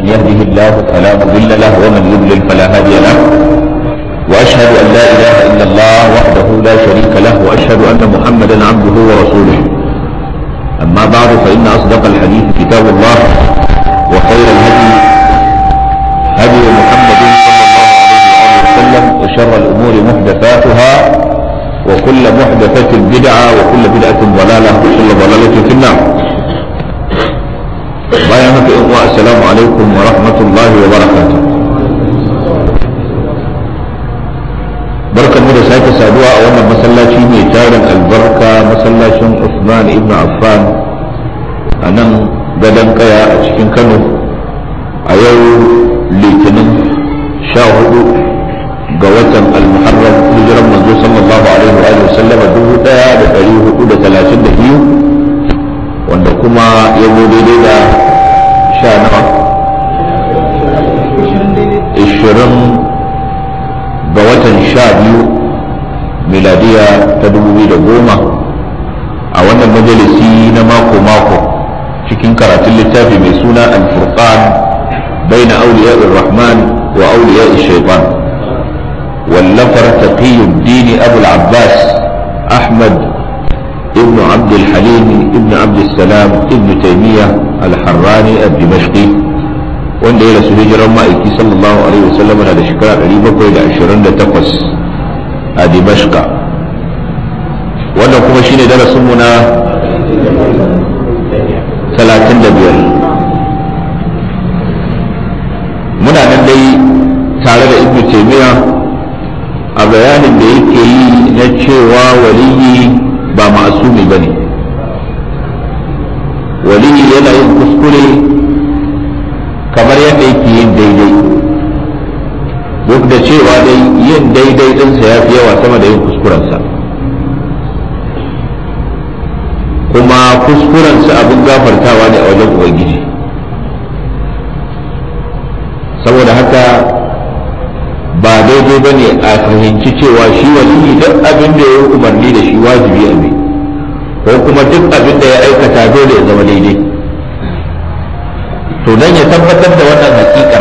من يهده الله فلا مضل له ومن يضلل فلا هادي له واشهد ان لا اله الا الله وحده لا شريك له واشهد ان محمدا عبده ورسوله اما بعد فان اصدق الحديث كتاب الله وخير الهدي هدي محمد صلى الله عليه وسلم وشر الامور محدثاتها وكل محدثه بدعه وكل بدعه ضلاله وكل ضلاله في النار bayan haka yan uwa assalamu alaikum wa rahmatullahi wa barakatuh barkanmu da sake saduwa a wannan masallaci mai tarin albarka masallacin Usman ibn Affan a nan gadon kaya a cikin Kano a yau litinin sha hudu ga watan al-muharram hijiran manzo sallallahu alaihi wa sallam dubu daya da dari hudu da talatin da biyu kuma ya zo daidai da sha nawa ishirin ga watan sha biyu miladiya ta dubu da goma a wannan majalisi na mako-mako cikin karatun littafi mai suna al-furqan بين أولياء wallafar وأولياء الشيطان واللفر dini الدين أبو العباس أحمد ابن عبد الحليم ابن عبد السلام ابن تيمية الحراني الدمشقي وان دي رسول هجرة مائكي صلى الله عليه وسلم على شكرا قريبا كويدا عشرين لتقص دمشق وانا كما شين درس منا ثلاثين لبير منا نندي تعالى ابن تيمية a bayanin da yake yi na cewa waliyi ba ma'asumi ba ne waliyi yana yin kuskure kamar yadda yake yin daidai duk da cewa dai yin daidai ɗinsa ya fi yawa sama da yin kuskurensa kuma kuskurensa abin gafartawa ne a wajen ubangiji ba ne a fahimci cewa shi waliyi duk abin da ya umarni da shi wajibi a mai ko kuma duk abin da ya aikata dole ya zama daidai to dan ya tabbatar da wannan hakika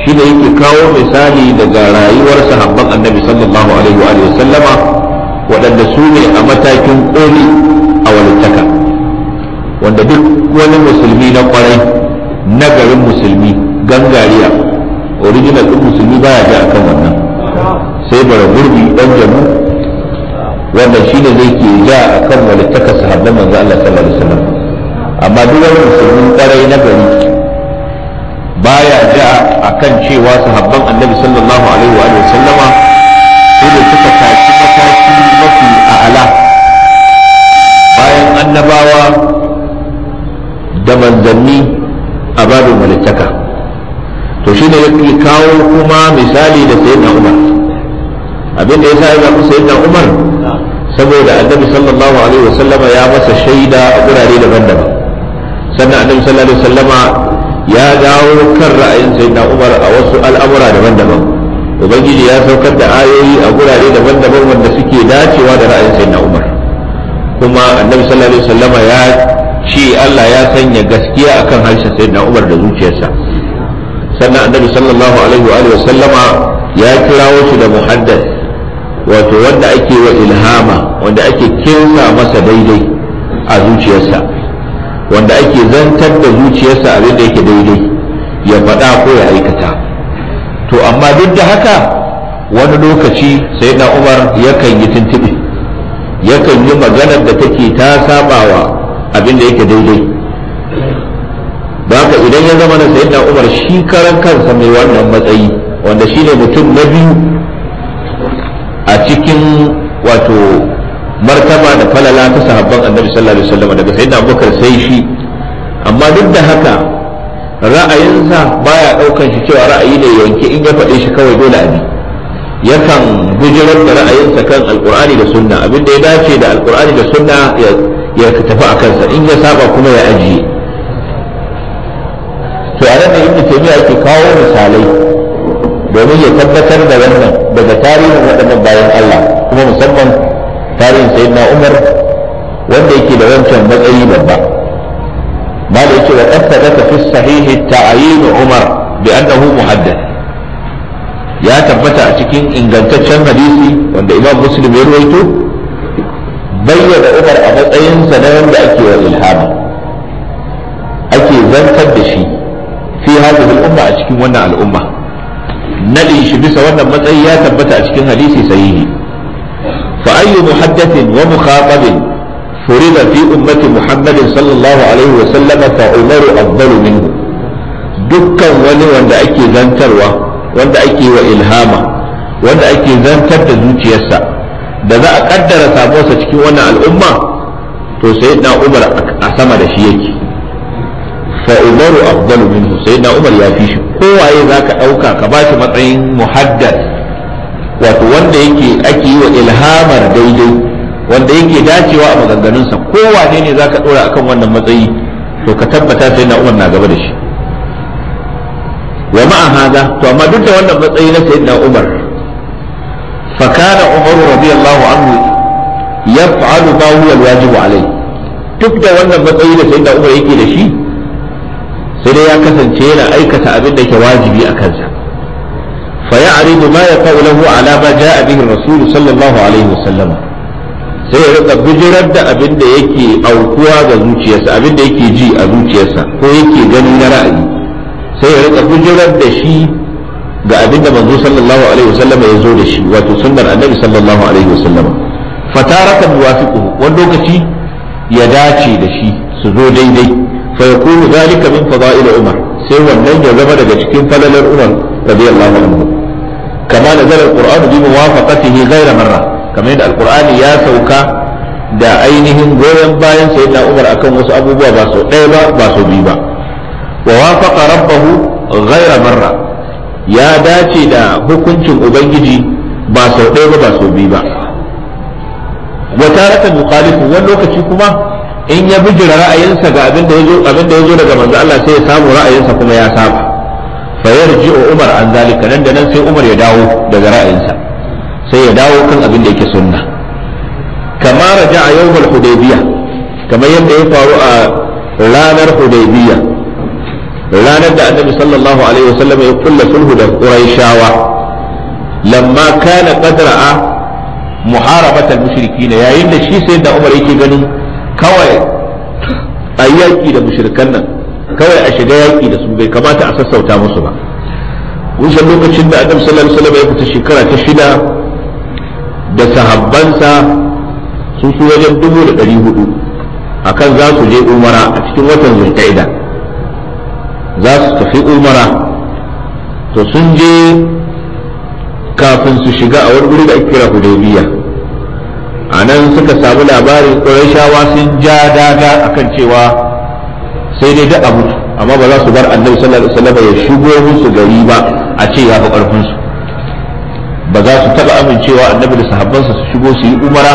shi da yake kawo misali daga rayuwar sahabban annabi sallallahu alaihi wa sallama waɗanda su ne a matakin koli a walittaka wanda duk wani musulmi na kwarai na garin musulmi gangariya original ɗin musulmi baya ji akan wannan sai bara gurbi dan jamu wanda shi ne zai ke ja a kan walittaka sahabban manzo Allah sallallahu alaihi wasallam amma duk wani musulmin kwarai na gari baya ja a kan cewa sahabban annabi sallallahu alaihi wa sallama su ne suka tashi mataki mafi a'ala bayan annabawa da manzanni a babin walittaka to shi ne ya kawo kuma misali da sayyidina Umar abin da ya sa ya musu yadda umar saboda annabi sallallahu alaihi wasallama ya masa shaida a gurare daban-daban sannan annabi sallallahu alaihi wasallama ya dawo kan ra'ayin sayyidina umar a wasu al'amura daban-daban ubangiji ya saukar da ayoyi a gurare daban-daban wanda suke dacewa da ra'ayin sayyidina umar kuma annabi sallallahu alaihi wasallama ya ce Allah ya sanya gaskiya akan harshen sayyidina umar da zuciyarsa sannan annabi sallallahu alaihi wa ya kirawo shi da Muhaddas. wato wanda ake wa ilhama wanda ake kinsa masa daidai a zuciyarsa wanda ake zantar da zuciyarsa abin da yake daidai ya faɗa ko ya aikata to amma duk da haka wani lokaci sai na umar yakan yi tuntuɓe yakan yi maganar da take ta sabawa abin da yake daidai ba idan ya zama na sayyidina umar shi karan kansa mai wannan matsayi wanda shi ne mutum na biyu annabi sallallahu alaihi wasallam daga sayyidina abubakar sai shi amma duk da haka ra'ayinsa baya daukan shi cewa ra'ayi ne yanke in ya faɗe shi kawai dole a bi yakan bujirar da ra'ayinsa kan alqur'ani da sunna abinda ya dace da alqur'ani da sunna ya tafi a kansa in ya saba kuma ya ajiye to a nan ibnu taymiya yake kawo misalai domin ya tabbatar da wannan daga tarihin waɗannan bayan Allah kuma musamman tarihin sayyidina Umar wanda yake da wancan matsayi babba ba da yake wa tabbata fi sahihi ta'yin umar bi annahu muhaddath ya tabbata a cikin ingantaccen hadisi wanda imam muslim ya ruwaito bayyana umar a matsayinsa na wanda ake wa ilhama ake zantar da shi fi hadhihi al'umma a cikin wannan al'umma Naɗin shi bisa wannan matsayi ya tabbata a cikin hadisi sahihi fa ayyu muhaddathin wa mukhatabin فرض في أمة محمد صلى الله عليه وسلم فعمر أفضل منه دكا ولي وند أكي زنتروا وند أكي وإلهاما أكي زنتر يسا da za a kaddara samuwarsa cikin wannan al'umma to sai na umar a sama da shi yake fa umaru afdalu minhu sai na umar ya fi shi kowaye za ka ɗauka ka ba shi matsayin muhaddad wato wanda yake ake yi wa ilhamar daidai wanda yake dacewa a maganganunsa kowane ne za ka ɗora akan wannan matsayi to ka tabbata sai na umar na gaba da shi wa ma'a haza to amma duk da wannan matsayi na sayyidina umar fa kana umar radiyallahu anhu yaf'alu ma huwa alwajibu alai duk da wannan matsayi da sayyidina umar yake da shi sai dai ya kasance yana aikata abin da ke wajibi a kansa fa ya'ridu ma yaqulu lahu ala ma ja'a bihi rasul sallallahu alaihi wasallam sai ya rika bijirar da abin da yake aukuwa ga zuciyarsa abin da yake ji a zuciyarsa ko yake gani na ra'ayi sai ya rika bijirar da shi ga abin da manzo sallallahu alaihi wasallam ya zo da shi wato sunnar annabi sallallahu alaihi wasallam fataratan yuwafiquhu wani lokaci ya dace da shi su zo daidai fa yakunu zalika min fada'il umar sai wannan ya zama daga cikin falalar umar radiyallahu anhu kama nazara alquran bi muwafaqatihi ghayra marra kamar da alkur'ani ya sauka da ainihin goyon bayan da umar akan wasu abubuwa ba sau ɗaya ba ba sau biyu ba wa wafaqa rabbahu ghayra marra ya dace da hukuncin ubangiji ba sau ɗaya ba ba sau biyu ba wa taraka muqalifu wani lokaci kuma in ya bijira ra'ayinsa ga abin da yazo abin da yazo daga manzo Allah sai ya samu ra'ayinsa kuma ya saba fa yarji'u umar an zalika nan da nan sai umar ya dawo daga ra'ayinsa sai ya dawo kan abin da yake sunna kama a yawmal hudaybiya kamar yadda ya faru a ranar hudaybiya ranar da annabi sallallahu alaihi wasallam ya kulla sulhu da quraishawa lamma kana qadra'a muharabatal mushrikina yayin da shi sai da umar yake ganin kawai a yaki da mushrikan nan kawai a shiga yaki da su bai kamata a sassauta musu ba kun lokacin da annabi sallallahu alaihi wasallam ya fita shekara ta shida da sahabbansa sun su wajen dubu da ɗari hudu akan za su je umara a cikin watan zulqa'ida za su tafi umara to sun je kafin su shiga a wani guri da ake kira hudaybiya a nan suka samu labarin ƙurashawa sun ja dada akan cewa sai dai da abu amma ba za su bar annabi sallallahu alaihi wasallam ya shigo musu gari ba a ce ya fi ƙarfinsu ba za su taba amincewa annabi da sahabbansa su shigo su yi umara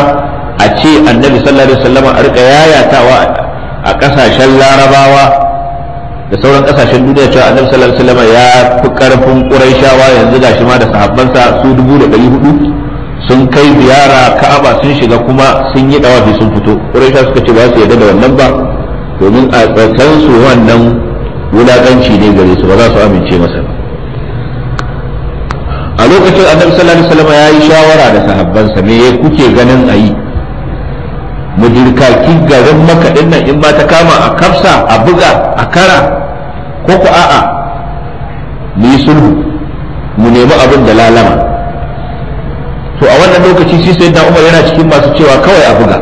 a ce annabi sallallahu alaihi wasallam a rika yayatawa a kasashen larabawa da sauran kasashen duniya cewa annabi sallallahu alaihi wasallam ya fi karfin quraishawa yanzu gashi ma da sahabbansa su dubu da dari hudu sun kai ziyara ka'aba sun shiga kuma sun yi dawafi sun fito quraisha suka ce ba su yarda da wannan ba domin a tsakansu wannan wulakanci ne gare su ba za su amince masa lokacin annabi sallallahu alaihi wasallam ya shawara da sahabbansa me ya kuke ganin a yi mujirkaki garin maka din nan in ba ta kama a kafsa a buga a kara ko ku a'a mu yi sulhu mu nemi abin da lalama to a wannan lokaci shi sai da umar yana cikin masu cewa kawai a buga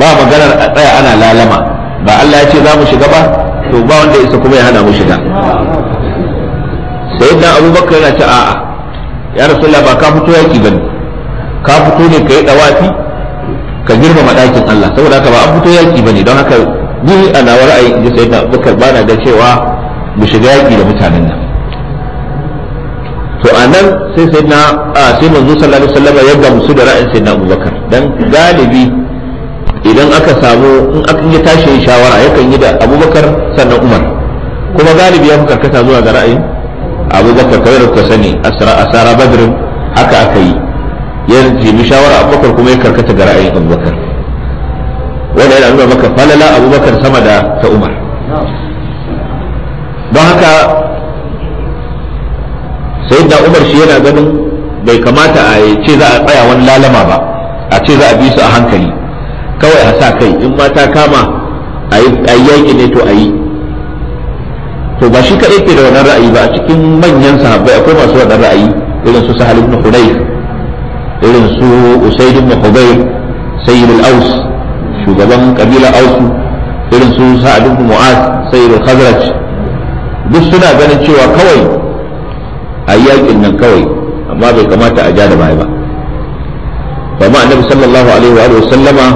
ba maganar a tsaya ana lalama ba Allah ya ce za mu shiga ba to ba wanda ya isa kuma ya hana mu shiga sayyidina abubakar yana ce a'a ya rasulullah ba ka fito yaki ne ka fito ne ka yi dawafi ka girmama ɗakin Allah saboda haka ba an fito yaki bane don haka ni a nawa ra'ayi inji sayyidina abubakar ba na ga cewa mu shiga yaki da mutanen nan to a nan sai na a sai manzo sallallahu alaihi wasallam ya gamsu da ra'ayin na abubakar dan galibi idan aka samu in aka yi tashin shawara yakan yi da abubakar sannan umar kuma galibi ya fi karkata zuwa ga ra'ayin abubakar kawai da kuka sani asara badrin haka aka yi ya nemi shawara abubakar kuma ya karkata ga ra'ayin abubakar wanda yana nuna maka falala abubakar sama da ta umar don haka sai da umar shi yana ganin bai kamata a ce za a tsaya wani lalama ba a ce za a bi su a hankali kawai a sa kai in ma ta kama a yi yaƙi ne to a yi to ba shi kaɗai ke da wannan ra'ayi ba a cikin manyan sahabbai akwai masu wannan ra'ayi irin su sahal ibn hudayr irin su usayd ibn hudayr sayyid al-aus shugaban kabila aus irin su sa'ad ibn mu'az sayyid al-khazraj duk suna ganin cewa kawai a yakin nan kawai amma bai kamata a ja da baya ba amma annabi sallallahu alaihi wa sallama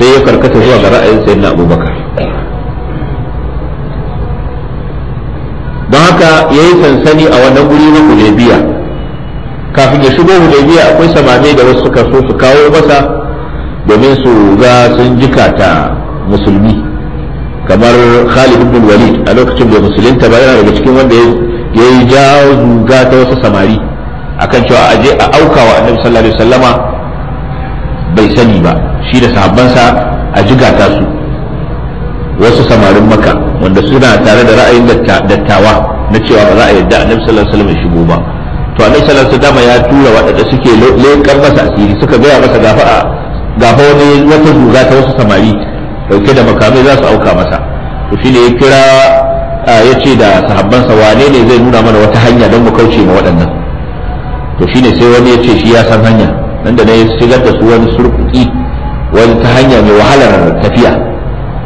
sai ya karkata zuwa ga ra'ayin sayyidina abubakar makka ya yi sansani a wannan guri na hudaybiya kafin ya shigo hudaybiya akwai samari da wasu suka so su kawo masa domin su ga sun jika ta musulmi kamar khalid ibn walid a lokacin da musulunta ba yana daga cikin wanda ya yi jawo zuga ta wasu samari akan cewa a je a auka wa annabi sallallahu alaihi wasallama bai sani ba shi da sahabbansa a ta su wasu samarin maka wanda suna tare da ra'ayin dattawa na cewa ba za a yarda annabi sallallahu alaihi wasallam shigo ba to annabi sallallahu alaihi wasallam ya tura waɗanda suke leƙar masa asiri suka gaya masa gafa a gafa wani wata duga ta wasu samari dauke da makamai za su auka masa to shine ya kira ya ce da sahabbansa wane ne zai nuna mana wata hanya don mu kauce ma waɗannan to shine sai wani ya ce shi ya san hanya nan da na shigar da su wani surkuki wani ta hanya mai wahalar tafiya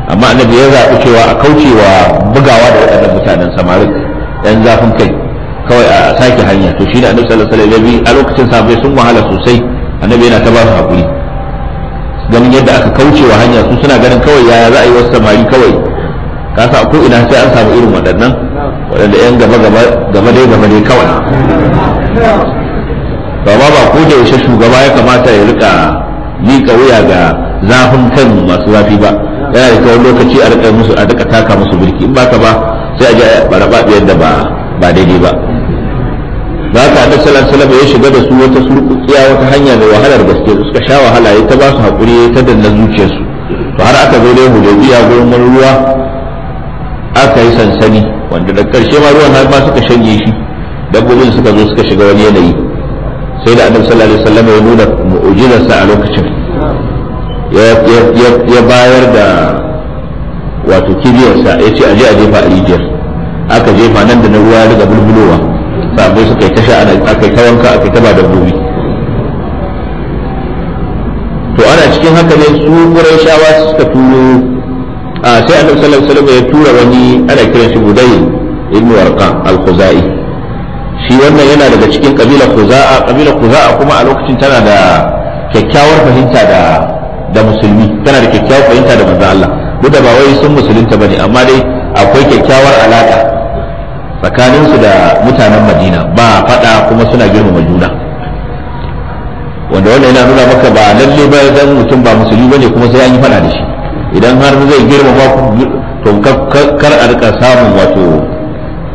amma annabi ya zaɓi cewa a kaucewa bugawa da waɗannan mutanen samarin yan zafin kai kawai a sake hanya to shi da annabi sallallahu alaihi wasallam a lokacin safe sun wahala sosai annabi yana ta ba su hakuri ganin yadda aka kauce wa hanya su suna ganin kawai yaya za a yi wasu samari kawai kasa sa ko ina sai an samu irin waɗannan waɗanda yan gaba gaba gaba dai gaba dai kawai ba ba ko da yaushe shugaba ya kamata ya rika miƙa wuya ga zafin kan masu zafi ba yana da kawai lokaci a rika musu a duka taka musu birki in ba ka ba sai a ji barababiyar da ba ba daidai ba ba ka da salar salama ya shiga da su wata surkutsiya wata hanya mai wahalar gaske su suka sha wahala ya ta ba su haƙuri ya ta danna zuciyarsu to har aka zo dai ya gurin mun ruwa aka yi sansani wanda da ƙarshe ma ruwan har ma suka shanye shi dabbobin suka zo suka shiga wani yanayi sai da annabi sallallahu alaihi wasallam ya nuna mu'jizarsa a lokacin ya bayar da wato kibiyarsa ya ce aje a jefa a rijiyar aka jefa nan da na ruwa daga bulbulowa sabai suka yi tasha aka yi ta wanka aka yi ta ba dabbobi to ana cikin haka ne su shawa suka turo a sai annabi sallallahu alaihi wasallam ya tura wani ana kiran shi budai ibnu warqa al-khuzai shi wannan yana daga cikin kabila khuza'a kabila khuza'a kuma a lokacin tana da kyakkyawar fahimta da da musulmi tana da kyakkyawar fahimta da manzo Allah duk da ba wai sun musulunta bane amma dai akwai kyakkyawar alaka tsakanin da mutanen Madina ba fada kuma suna girmama juna wanda wannan yana nuna maka ba lalle ba dan mutum ba musulmi bane kuma sai an yi fada da shi idan har zai girmama to kar a rika samun wato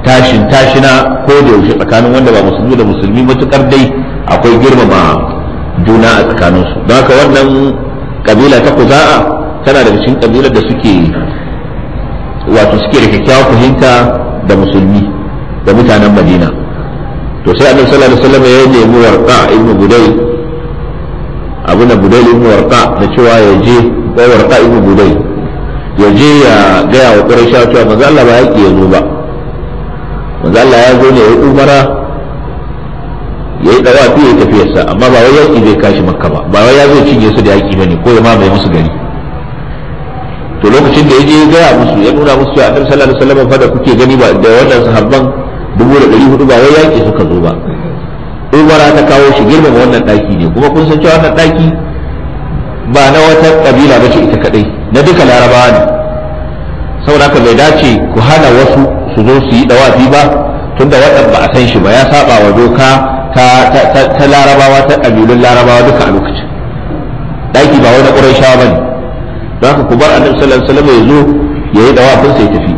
tashin tashina ko da yaushe tsakanin wanda ba musulmi da musulmi matukar dai akwai girmama juna a tsakaninsu don haka wannan kabila ta kuza'a tana daga cikin kabilar da suke wato suke da kyakkyawar fahimta da musulmi da mutanen madina to sai annabi sallallahu alaihi wasallam ya nemi warqa ibnu budai abu na budai ibn warqa da cewa ya je ko warqa ibnu budai ya je ya gaya wa sha cewa manzo Allah ba yake yazo ba manzo Allah ya zo ne ya umara ya yi dawa ya tafiyarsa amma ba wai yaƙi zai kashi makka ba ba wai ya zo cinye su da ba bane ko ya mamaye musu gari to lokacin da ya je gaya musu ya nuna musu cewa annabi sallallahu alaihi wasallam fa da kuke gani ba da wannan sahabban dubu da ɗari hudu ba wai yaƙi suka zo ba umara ta kawo shi ma wannan ɗaki ne kuma kun san cewa wannan ɗaki ba na wata ƙabila ba ce ita kaɗai na duka larabawa ne saboda haka bai dace ku hana wasu su zo su yi dawafi ba tunda waɗanda ba a san shi ba ya saba wa doka ta larabawa ta ƙabilun larabawa duka a lokacin ɗaki ba wani ƙurai shawa ba ne za ku ku bar annabi sallallahu alaihi ya zo ya yi dawafin sai tafi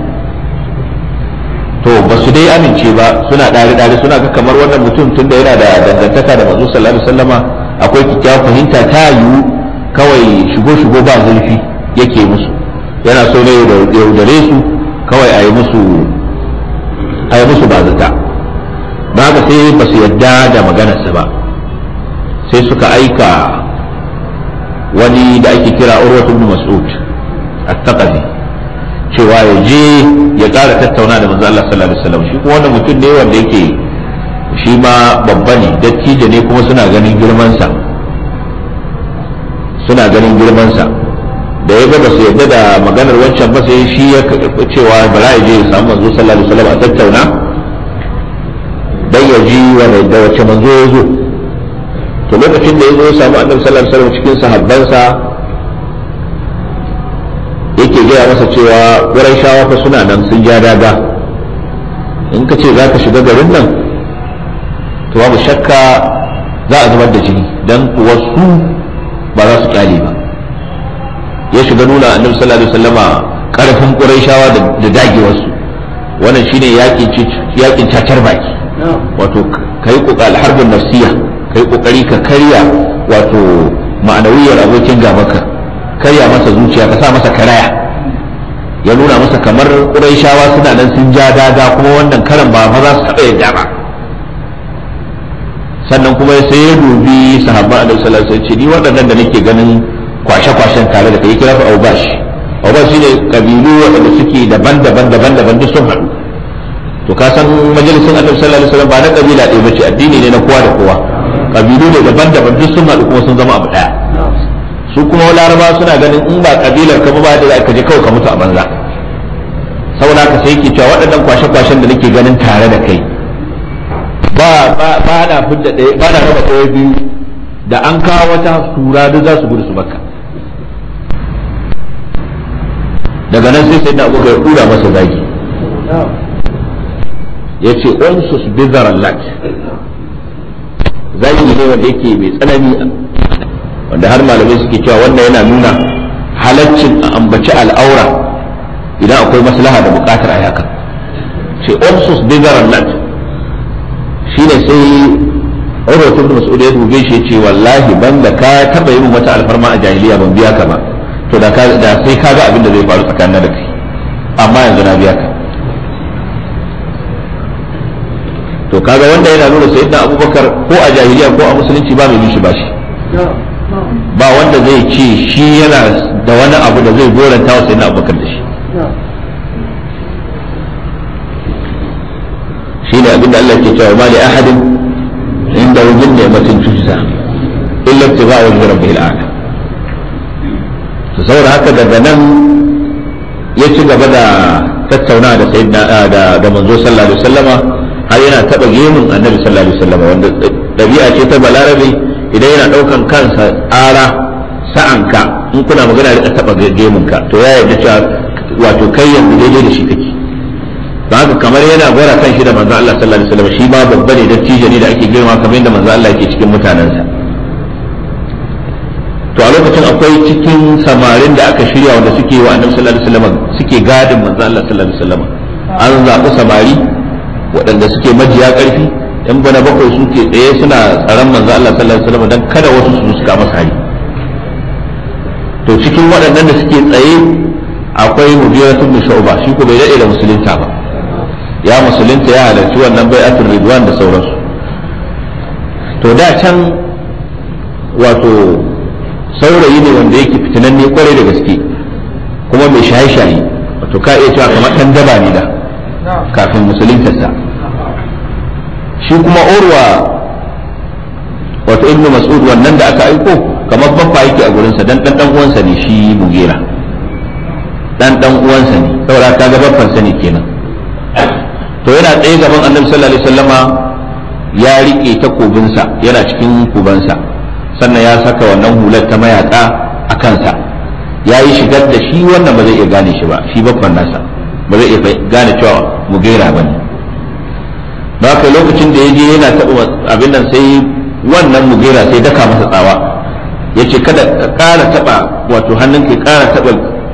to ba su dai amince ba suna ɗari ɗari suna ga kamar wannan mutum tunda yana da dangantaka da manzo sallallahu alaihi wasallama akwai kyakkyawar fahimta ta yiwu kawai shigo shigo ba zulfi yake musu yana so ne yaudare su kawai a yi musu a yi musu zata ba ga sai ba su yadda da maganarsa ba sai suka aika wani da ake kira urwatu ibn mas'ud at-taqafi cewa ya je ya kara tattauna da manzo Allah sallallahu alaihi wasallam shi kuma wannan mutum ne wanda yake shi ma babba ne dattijo ne kuma suna ganin girman sa suna ganin girman sa da ya ga basu yadda da maganar wancan ba sai shi ya cewa bala ya je ya samu manzo sallallahu alaihi wasallam a tattauna dan ya ji wa da wace manzo ya zo to lokacin da ya zo samu annabi sallallahu alaihi wasallam cikin sahabbansa yake gaya masa cewa wurin shawa fa suna nan sun ja daga in ka ce za ka shiga garin nan to babu shakka za a zubar da jini don wasu ba za su kyale ba ya shiga nuna annabi sallallahu alaihi wasallama karfin quraishawa da dagewarsu wannan shine yakin yakin cacar baki wato kai kokal harbin nafsiya kai kokari ka karya wato ma'anawiyar abokin gabaka karya masa zuciya ka sa masa karaya ya nuna masa kamar ƙuraishawa suna nan sun ja dada kuma wannan karan ba ma za su taɓa yadda ba sannan kuma sai ya dubi sahabba alaihi salatu sai ce ni waɗannan da nake ganin kwashe-kwashen tare da kai kira su aubash aubash ne kabilu waɗanda suke daban-daban daban-daban duk sun haɗu to ka san majalisin annabi sallallahu alaihi wasallam ba na kabila ɗaya ce addini ne na kowa da kowa kabilu ne daban-daban duk sun haɗu kuma sun zama abu ɗaya su kuma laraba suna ganin in ba kabilar ka ba da ka je kawai ka mutu a banza saboda haka sai ke cewa waɗannan kwashe-kwashen da nake ganin tare da kai ba ba na fidda ɗaya ba na raba ɗaya biyu da an kawo wata tura duk za su gudu su baka daga nan sai sai na abu ya ɗura masa zagi ya ce onsus bizarra lat zalimi ne wanda yake mai tsanani wanda har malamai suke cewa wannan yana nuna halaccin a ambaci al'aura idan akwai maslaha da bukatar a haka ce ursus bizaran nan ne sai Urwa da masu ya dube shi ce wallahi ban da ka taba yi mata alfarma a jahiliya ban biya ka ba to da sai ka ga abin da zai faru tsakanin da kai amma yanzu na biya ka kaga wanda yana nuna da abubakar ko a jahiliya ko a musulunci ba mai ba shi, ba wanda zai ce shi yana da wani abu da zai goranta wa sayyidina abubakar da shi shi ne abinda Allah ke cewa da ahadin inda wujin ni'matin tujza illa ba rabbil a'la al'ada. saboda haka daga nan ya ci gaba da tattauna da sayyidina da manzo sallallahu alaihi wasallama har yana taba gemun annabi sallallahu alaihi wasallam wanda dabi'a ce ta balarabi idan yana daukan kansa ara sa'anka in kuna magana rika taba gemun ka to ya yarda cewa wato kai yanzu daidai da shi kake ba haka kamar yana gora kan shi da manzo Allah sallallahu alaihi wasallam shi ma babba ne dattijo ne da ake girma kamar yadda manzo Allah yake cikin mutanansa to a lokacin akwai cikin samarin da aka shirya wanda suke wa annabi sallallahu alaihi wasallam suke gadin manzo Allah sallallahu alaihi wasallam an zaɓi samari waɗanda suke majiya ƙarfi yan bana bakwai suke tsaye suna tsaron manzo Allah sallallahu alaihi wasallam dan kada wasu su suka masa hari to cikin waɗannan da suke tsaye akwai mubiyatu bin sha'uba shi ko bai daɗe da musulunta ba ya musulunta ya halarci wannan bai'atul ridwan da sauransu to da can wato saurayi ne wanda yake fitinan ne kwarai da gaske kuma mai shaye-shaye wato ka iya cewa kamar ɗan daba ne da kafin musuluntarsa shi kuma urwa wato ibnu mas'ud wannan da aka aiko kamar babba yake a gurinsa dan dan dan uwansa ne shi bugera dan dan uwansa ne saboda ta ga babban sani kenan to yana tsaye gaban annabi sallallahu alaihi wasallama ya rike takobinsa yana cikin kubansa sannan ya saka wannan hular ta mayaka a kansa ya yi shigar da shi wannan ba zai iya gane shi ba shi babban nasa ba zai iya gane cewa gaira ba ne ba kai lokacin da ya je yana taɓa abin nan sai wannan gaira sai daka masa tsawa ya ce kada ka ƙara taɓa wato hannunka ya ƙara taɓa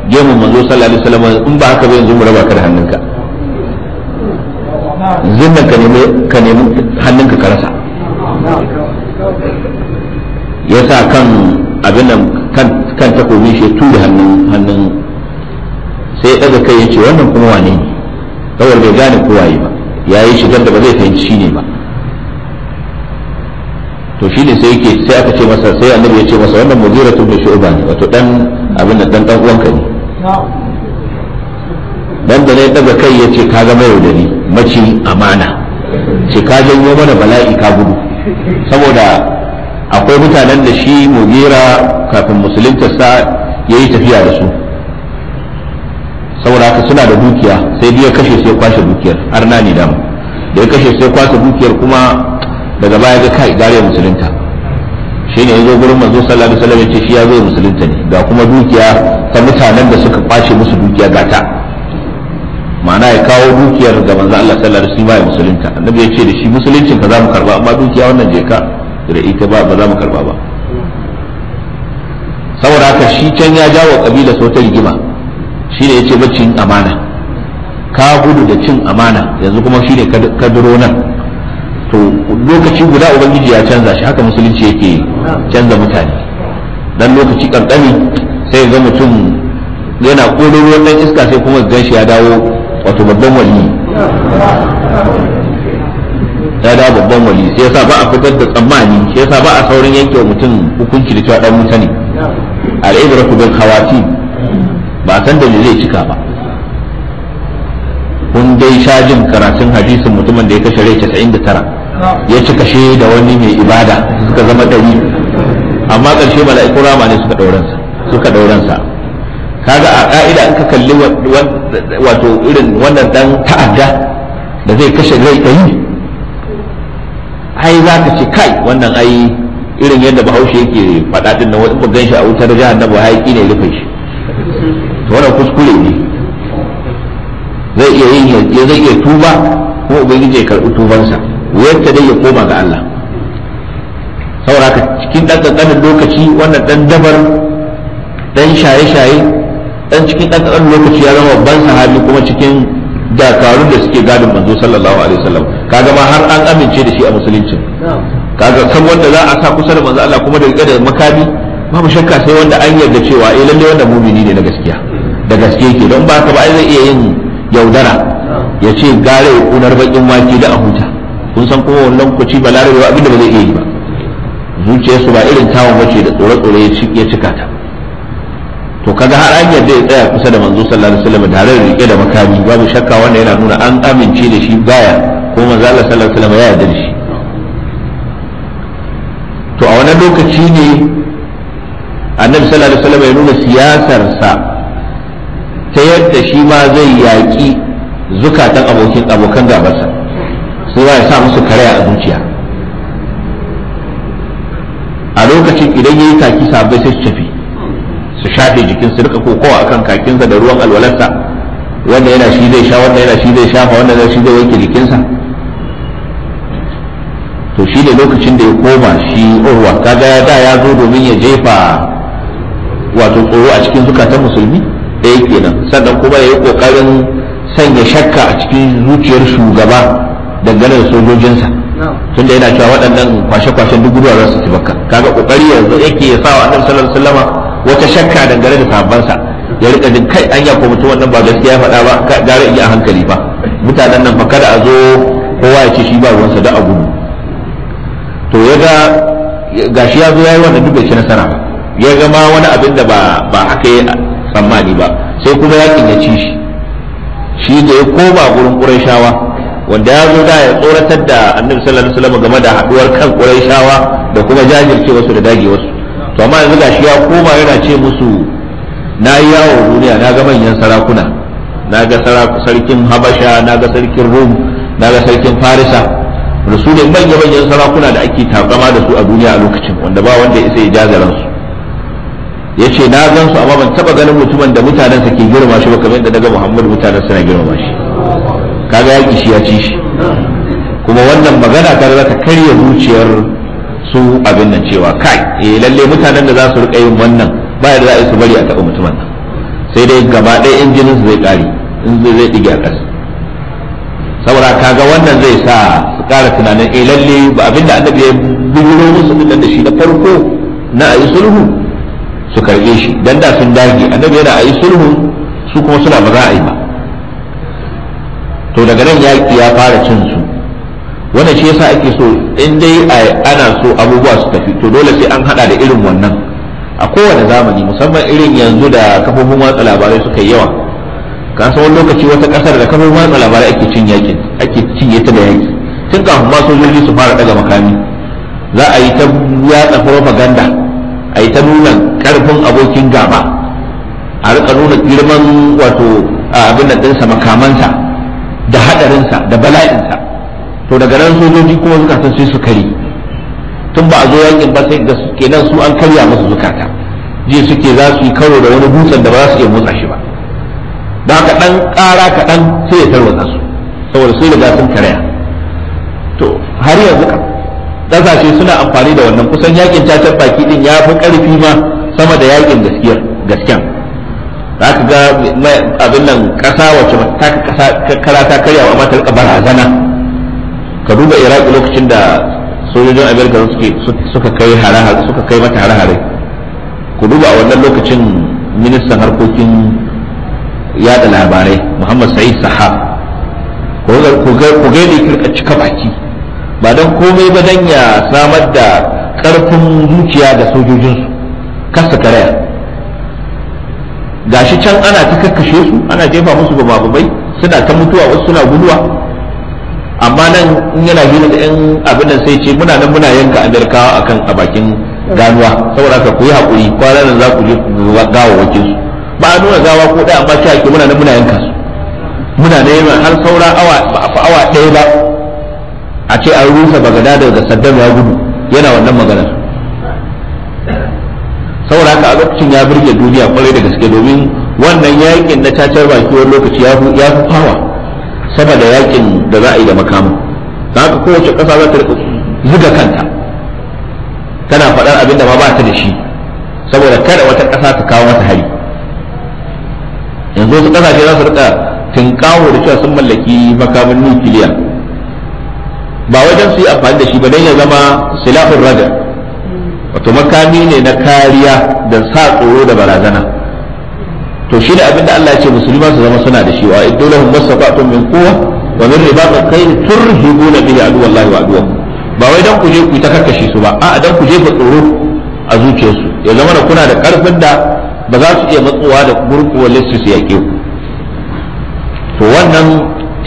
gemun manzo sallallahu alaihi wasallam in ba haka ba yanzu mu raba ka da hannunka zinnan ka nemi ka nemi hannunka ka rasa yasa kan abin nan kan takobi shi ya tura hannun hannun sai ya kai kai ce wannan kuma wane ne kawai bai gane waye ba Ya yi shi da ba zai fahimci ne ba to shi ne sai yake sai aka ce masa sai annabi ya ce masa wannan muziratun da shu'ba ne wato dan abin da dan dan uwanka ne dan da ne daga kai ya ce ka ga mai wadani maci amana ce ka janyo mana bala'i ka gudu saboda akwai mutanen da shi mugira kafin musulunta sa ya yi tafiya da su saboda haka suna da dukiya sai biya kashe sai kwashe dukiyar har na ne dama da ya kashe sai kwashe dukiyar kuma daga baya ga kai gare musulunta shine yazo gurin manzo sallallahu alaihi wasallam yace shi ya zo musulunta ne ga kuma dukiya ta mutanen da suka kwashe musu dukiya gata ma'ana ya kawo dukiyar ga manzo Allah sallallahu alaihi wasallam ya musulunta annabi yace da shi musuluncin ka za mu karba amma dukiya wannan je ka da ita ba ba za mu karba ba saboda haka shi can ya jawo kabila sau ta rigima shine yace baccin amana ka gudu da cin amana yanzu kuma shi ne kaduro nan to lokaci guda ubangiji ya canza shi haka musulunci yake canza mutane dan lokaci kankani sai ga mutum yana kololuwar dan iska sai kuma gan shi ya dawo wato babban wali ya dawo babban wali sai yasa ba a fitar da tsammani sai yasa ba a saurin yanke mutum hukunci da cewa dan mutane al'ibratu bil khawatin ba san da zai cika ba kun dai sha jin karatun hadisin mutumin da ya kashe rai casa'in da tara ya ci kashe da wani mai ibada suka zama ɗari amma ƙarshe mala'iku rama ne suka ɗauransa suka ɗauransa kaga a ƙa'ida an ka kalli wato irin wannan ɗan ta'adda da zai kashe rai ɗari ai za ka ce kai wannan ai irin yadda bahaushe yake faɗaɗin ɗin nan wani gan shi a wutar jihar na ba haiki ne rufe shi to wannan kuskure ne zai iya yin ya zai iya tuba ko ubangiji ya karbi tubansa ta dai ya koma ga Allah saboda haka cikin dan kankanin lokaci wannan dan dabar dan shaye-shaye dan cikin dan kankanin lokaci ya zama babban sahabi kuma cikin dakarun da suke gadin manzo sallallahu alaihi wasallam kaga ma har an amince da shi a musulunci kaga kan wanda za a sa kusa da manzo Allah kuma da rike makabi makami babu shakka sai wanda an yarda cewa eh lalle wanda mumini ne na gaskiya da gaske ke don ba ka ba zai iya yin yaudara ya ce gare unar kunar bakin wake da a huta kun san kuma wannan kuci ba larabe ba abinda ba zai iya yi ba zuciyarsu ba irin tawon wace da tsore-tsore ya cika ta to kaga har an yadda ya tsaya kusa da manzo sallallahu alaihi wasallam tare da rike da makami babu shakka wanda yana nuna an amince da shi baya ko manzo sallallahu alaihi wasallam ya yarda da shi to a wannan lokaci ne annabi sallallahu alaihi wasallam ya nuna siyasarsa ta yadda shi ma zai yaƙi zukatan abokin abokan gabarsa sai ya sa musu karaya a zuciya a lokacin idan ya yi kaki sabai sai su tafi su shafe jikin su rika kokowa akan kakinsa da ruwan alwalarsa wanda yana shi zai sha wanda yana shi zai shafa wanda yana shi zai wanke jikinsa to shi da lokacin da ya koma shi urwa kaga da ya zo domin ya jefa wato tsoro a cikin zukatan musulmi ɗaya nan sannan kuma ya yi ƙoƙarin sanya shakka a cikin zuciyar shugaba dangane da sojojinsa tun da yana cewa waɗannan kwashe-kwashen duk gudu za su ci baka kaga ƙoƙari yanzu yake ya sawa annabi sallallahu alaihi wasallama wata shakka dangane da sahabbansa ya rika jin kai an ya mutum wannan ba gaskiya faɗa ba gara iya hankali ba mutanen nan fa kada a zo kowa ya ce shi ba ruwansa da a gudu to ya ga gashi ya zo ya yi wannan duk bai ci nasara ba ya ga ma wani abin da ba haka tsammani ba sai kuma yakin ya ci shi shi da ya koma gurin ƙurashawa wanda ya zo da ya tsoratar da annabi sallallahu alaihi wasallam game da haduwar kan ƙurashawa da kuma jajirce su da dage su to amma yanzu gashi ya koma yana ce musu na yi yawo duniya na ga manyan sarakuna na ga sarkin habasha na ga sarkin rum na ga sarkin farisa da su ne manya-manyan sarakuna da ake takama da su a duniya a lokacin wanda ba wanda ya isa ya jazaran su yace na gan su amma ban taba ganin mutumin da mutanen sa ke girma shi ba kamar yadda daga Muhammad mutanen sa na girma shi kaga yaki shi ya ci shi kuma wannan magana ta za ta karya zuciyar su abin nan cewa kai eh lalle mutanen da za su rika yin wannan ba yadda za a yi su bari a taba mutumin nan sai dai gaba ɗaya injinin su zai kare in zai dige a ƙasa saboda kaga wannan zai sa su ƙara tunanin eh lalle ba abin da annabi ya bujuro musu da shi na farko na a yi sulhu su karbe shi dan da sun dage annabi yana ayi sulhu su kuma suna ba za a yi ba to daga nan yaƙi ya fara cin su wannan shi yasa ake so in dai ana so abubuwa su tafi to dole sai an hada da irin wannan a kowane zamani musamman irin yanzu da kafofin watsa labarai suka yi yawa ka san wani lokaci wata kasar da kafofin watsa labarai ake cin yakin ake cinye ta da yaki tun kafin ma sojoji su fara daga makami za a yi ta yatsa propaganda a yi ta nuna karfin abokin gaba a rika nuna girman wato abin da ɗinsa makamansa da haɗarinsa da bala'insa to daga nan sojoji kuma zukatan sai su kari tun ba a zo yankin ba sai ga kenan su an karya musu zukata jiya suke za su yi karo da wani dutsen da ba za su iya motsa shi ba da haka ɗan ƙara kaɗan sai ya tarwatsa su saboda sai da sun karaya to har yanzu kan kasashe suna amfani da wannan kusan yakin cacar baki din ya fi karfi ma sama da yakin gaskiyar gasken za ka ga abin nan kasa wacce ta kara ta karyawa amma ta rika barazana ka duba iraki lokacin da sojojin amerika suka kai suka kai mata hare-hare ku duba a wannan lokacin ministan harkokin yada labarai muhammad sa'id sahab ku ga ku ga ne kirka cika baki ba don komai ba don ya samar da ƙarfin zuciya da sojojinsu kasa karaya shi can ana ta kakkashe su ana jefa musu ba babai suna ta mutuwa wasu suna guduwa amma nan in yana hira da yan abin nan sai ce muna nan muna yanka amerikawa akan a bakin ganuwa saboda haka ku yi hakuri kwana nan za ku je gawa wakin su ba a nuna gawa ko ɗaya amma ce ake muna nan muna yanka su muna neman har saura awa ba awa ɗaya ba a ce an rusa Bagada daga saddam ya gudu yana wannan maganar saboda haka a lokacin ya birge duniya kwarai da gaske domin wannan yakin na cacar baki wani lokaci ya fi fawa sama da yakin da za a yi da makamu haka kowace ƙasa za ta zuga kanta tana faɗar abin da ma ba ta da shi saboda kada wata ƙasa ta kawo mata hari yanzu wasu kasashe za su rika tinkawo da cewa sun mallaki makamin nukiliya ba wajen su yi amfani da shi ba dan ya zama silahun raja wato makami ne na kariya da sa tsoro da barazana to shi da abinda Allah ya ce musulma su zama suna da shi wa idulahum masaqatun min quwwa wa min ribat al-khayl turhibuna bihi aduwallahi wa aduwakum ba wai dan ku je ku ta karkashe su ba a'a dan ku je ku tsoro a zuciyarsu ya zama da kuna da karfin da ba za su iya matsuwa da gurkuwar lissu su yake ku to wannan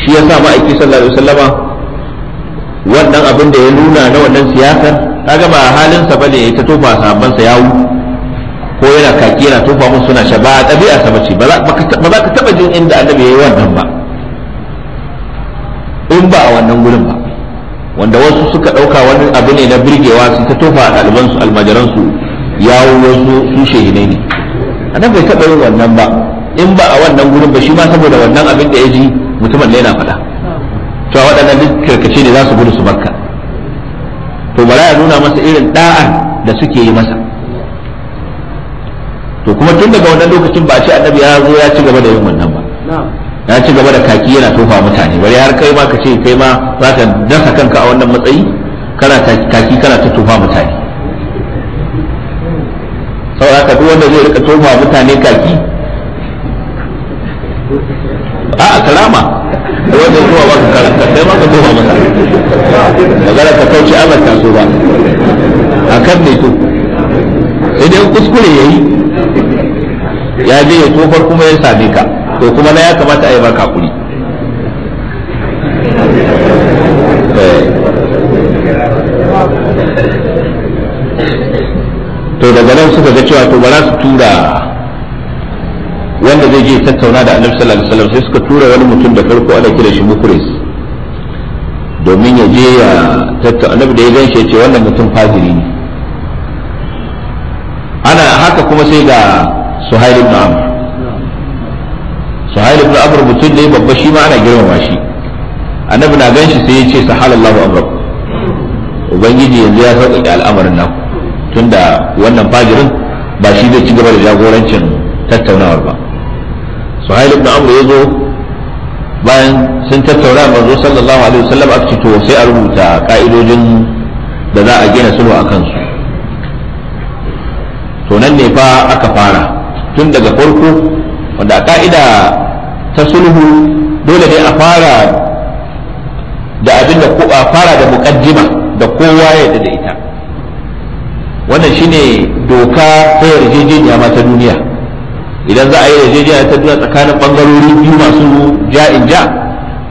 shi yasa ma'aiki sallallahu alaihi wasallama wannan abin da ya nuna na wannan siyasar kaga ba halin sa bane ta tofa sahabban sa yawo ko yana kaki yana tofa musu suna shaba ɗabi'a sa bace ba za ka taba jin inda annabi yayi wannan ba in ba a wannan gurin ba wanda wasu suka ɗauka wani abu ne na birgewa su ta tofa a ɗaliban su almajiran su yawo wasu su shehine ne annabi bai taɓa yin wannan ba in ba a wannan gurin ba shi ma saboda wannan abin da ya ji mutumin ne yana faɗa to waɗannan duk kirkice ne za su gudu su bakka to bala ya nuna masa irin da'ar da suke yi masa to kuma tun daga wannan lokacin ba ce annabi ya zo ya ci gaba da yin wannan ba ya ci gaba da kaki yana tofa mutane bari har kai ma ka ce kai ma za ka dasa kanka a wannan matsayi kana kaki kana ta tofa mutane saboda haka duk wanda zai rika tofa mutane kaki a'a karama wajen zuwa ba ka karanta sai ma ka zuwa masa magana ka kauce Allah ta so ba akan ne to sai dai kuskure yayi ya je ya tofar kuma ya same ka to kuma na ya kamata a yi baka kuri eh. to daga nan suka ga cewa to ba za su tura wanda zai je tattauna da annabi sallallahu alaihi wasallam sai suka tura wani mutum da farko ana kira shi mukris domin ya je ya tattauna annabi da ya gan shi ce wannan mutum fajiri ne ana haka kuma sai ga suhail ibn amr suhail ibn amr mutum ne babba shi ma ana girmama shi annabi na gan shi sai ya ce sahalallahu amrak ubangiji yanzu ya sauƙaƙe al'amarin naku tunda wannan fajirin ba shi zai ci gaba da jagorancin tattaunawar ba suhail ibn amr ya zo bayan sun tattauna manzo sallallahu alaihi wasallam aka ce to sai a rubuta ka'idojin da za a gina sulhu a kansu. to nan ne fa aka fara tun daga farko wanda ka'ida ta sulhu dole ne a fara da abin da a fara da da kowa ya da ita wannan shine doka ta yarjejeniya ma ta duniya idan za a yi yarjejeniya ta duniya tsakanin bangarori biyu masu ja'in ja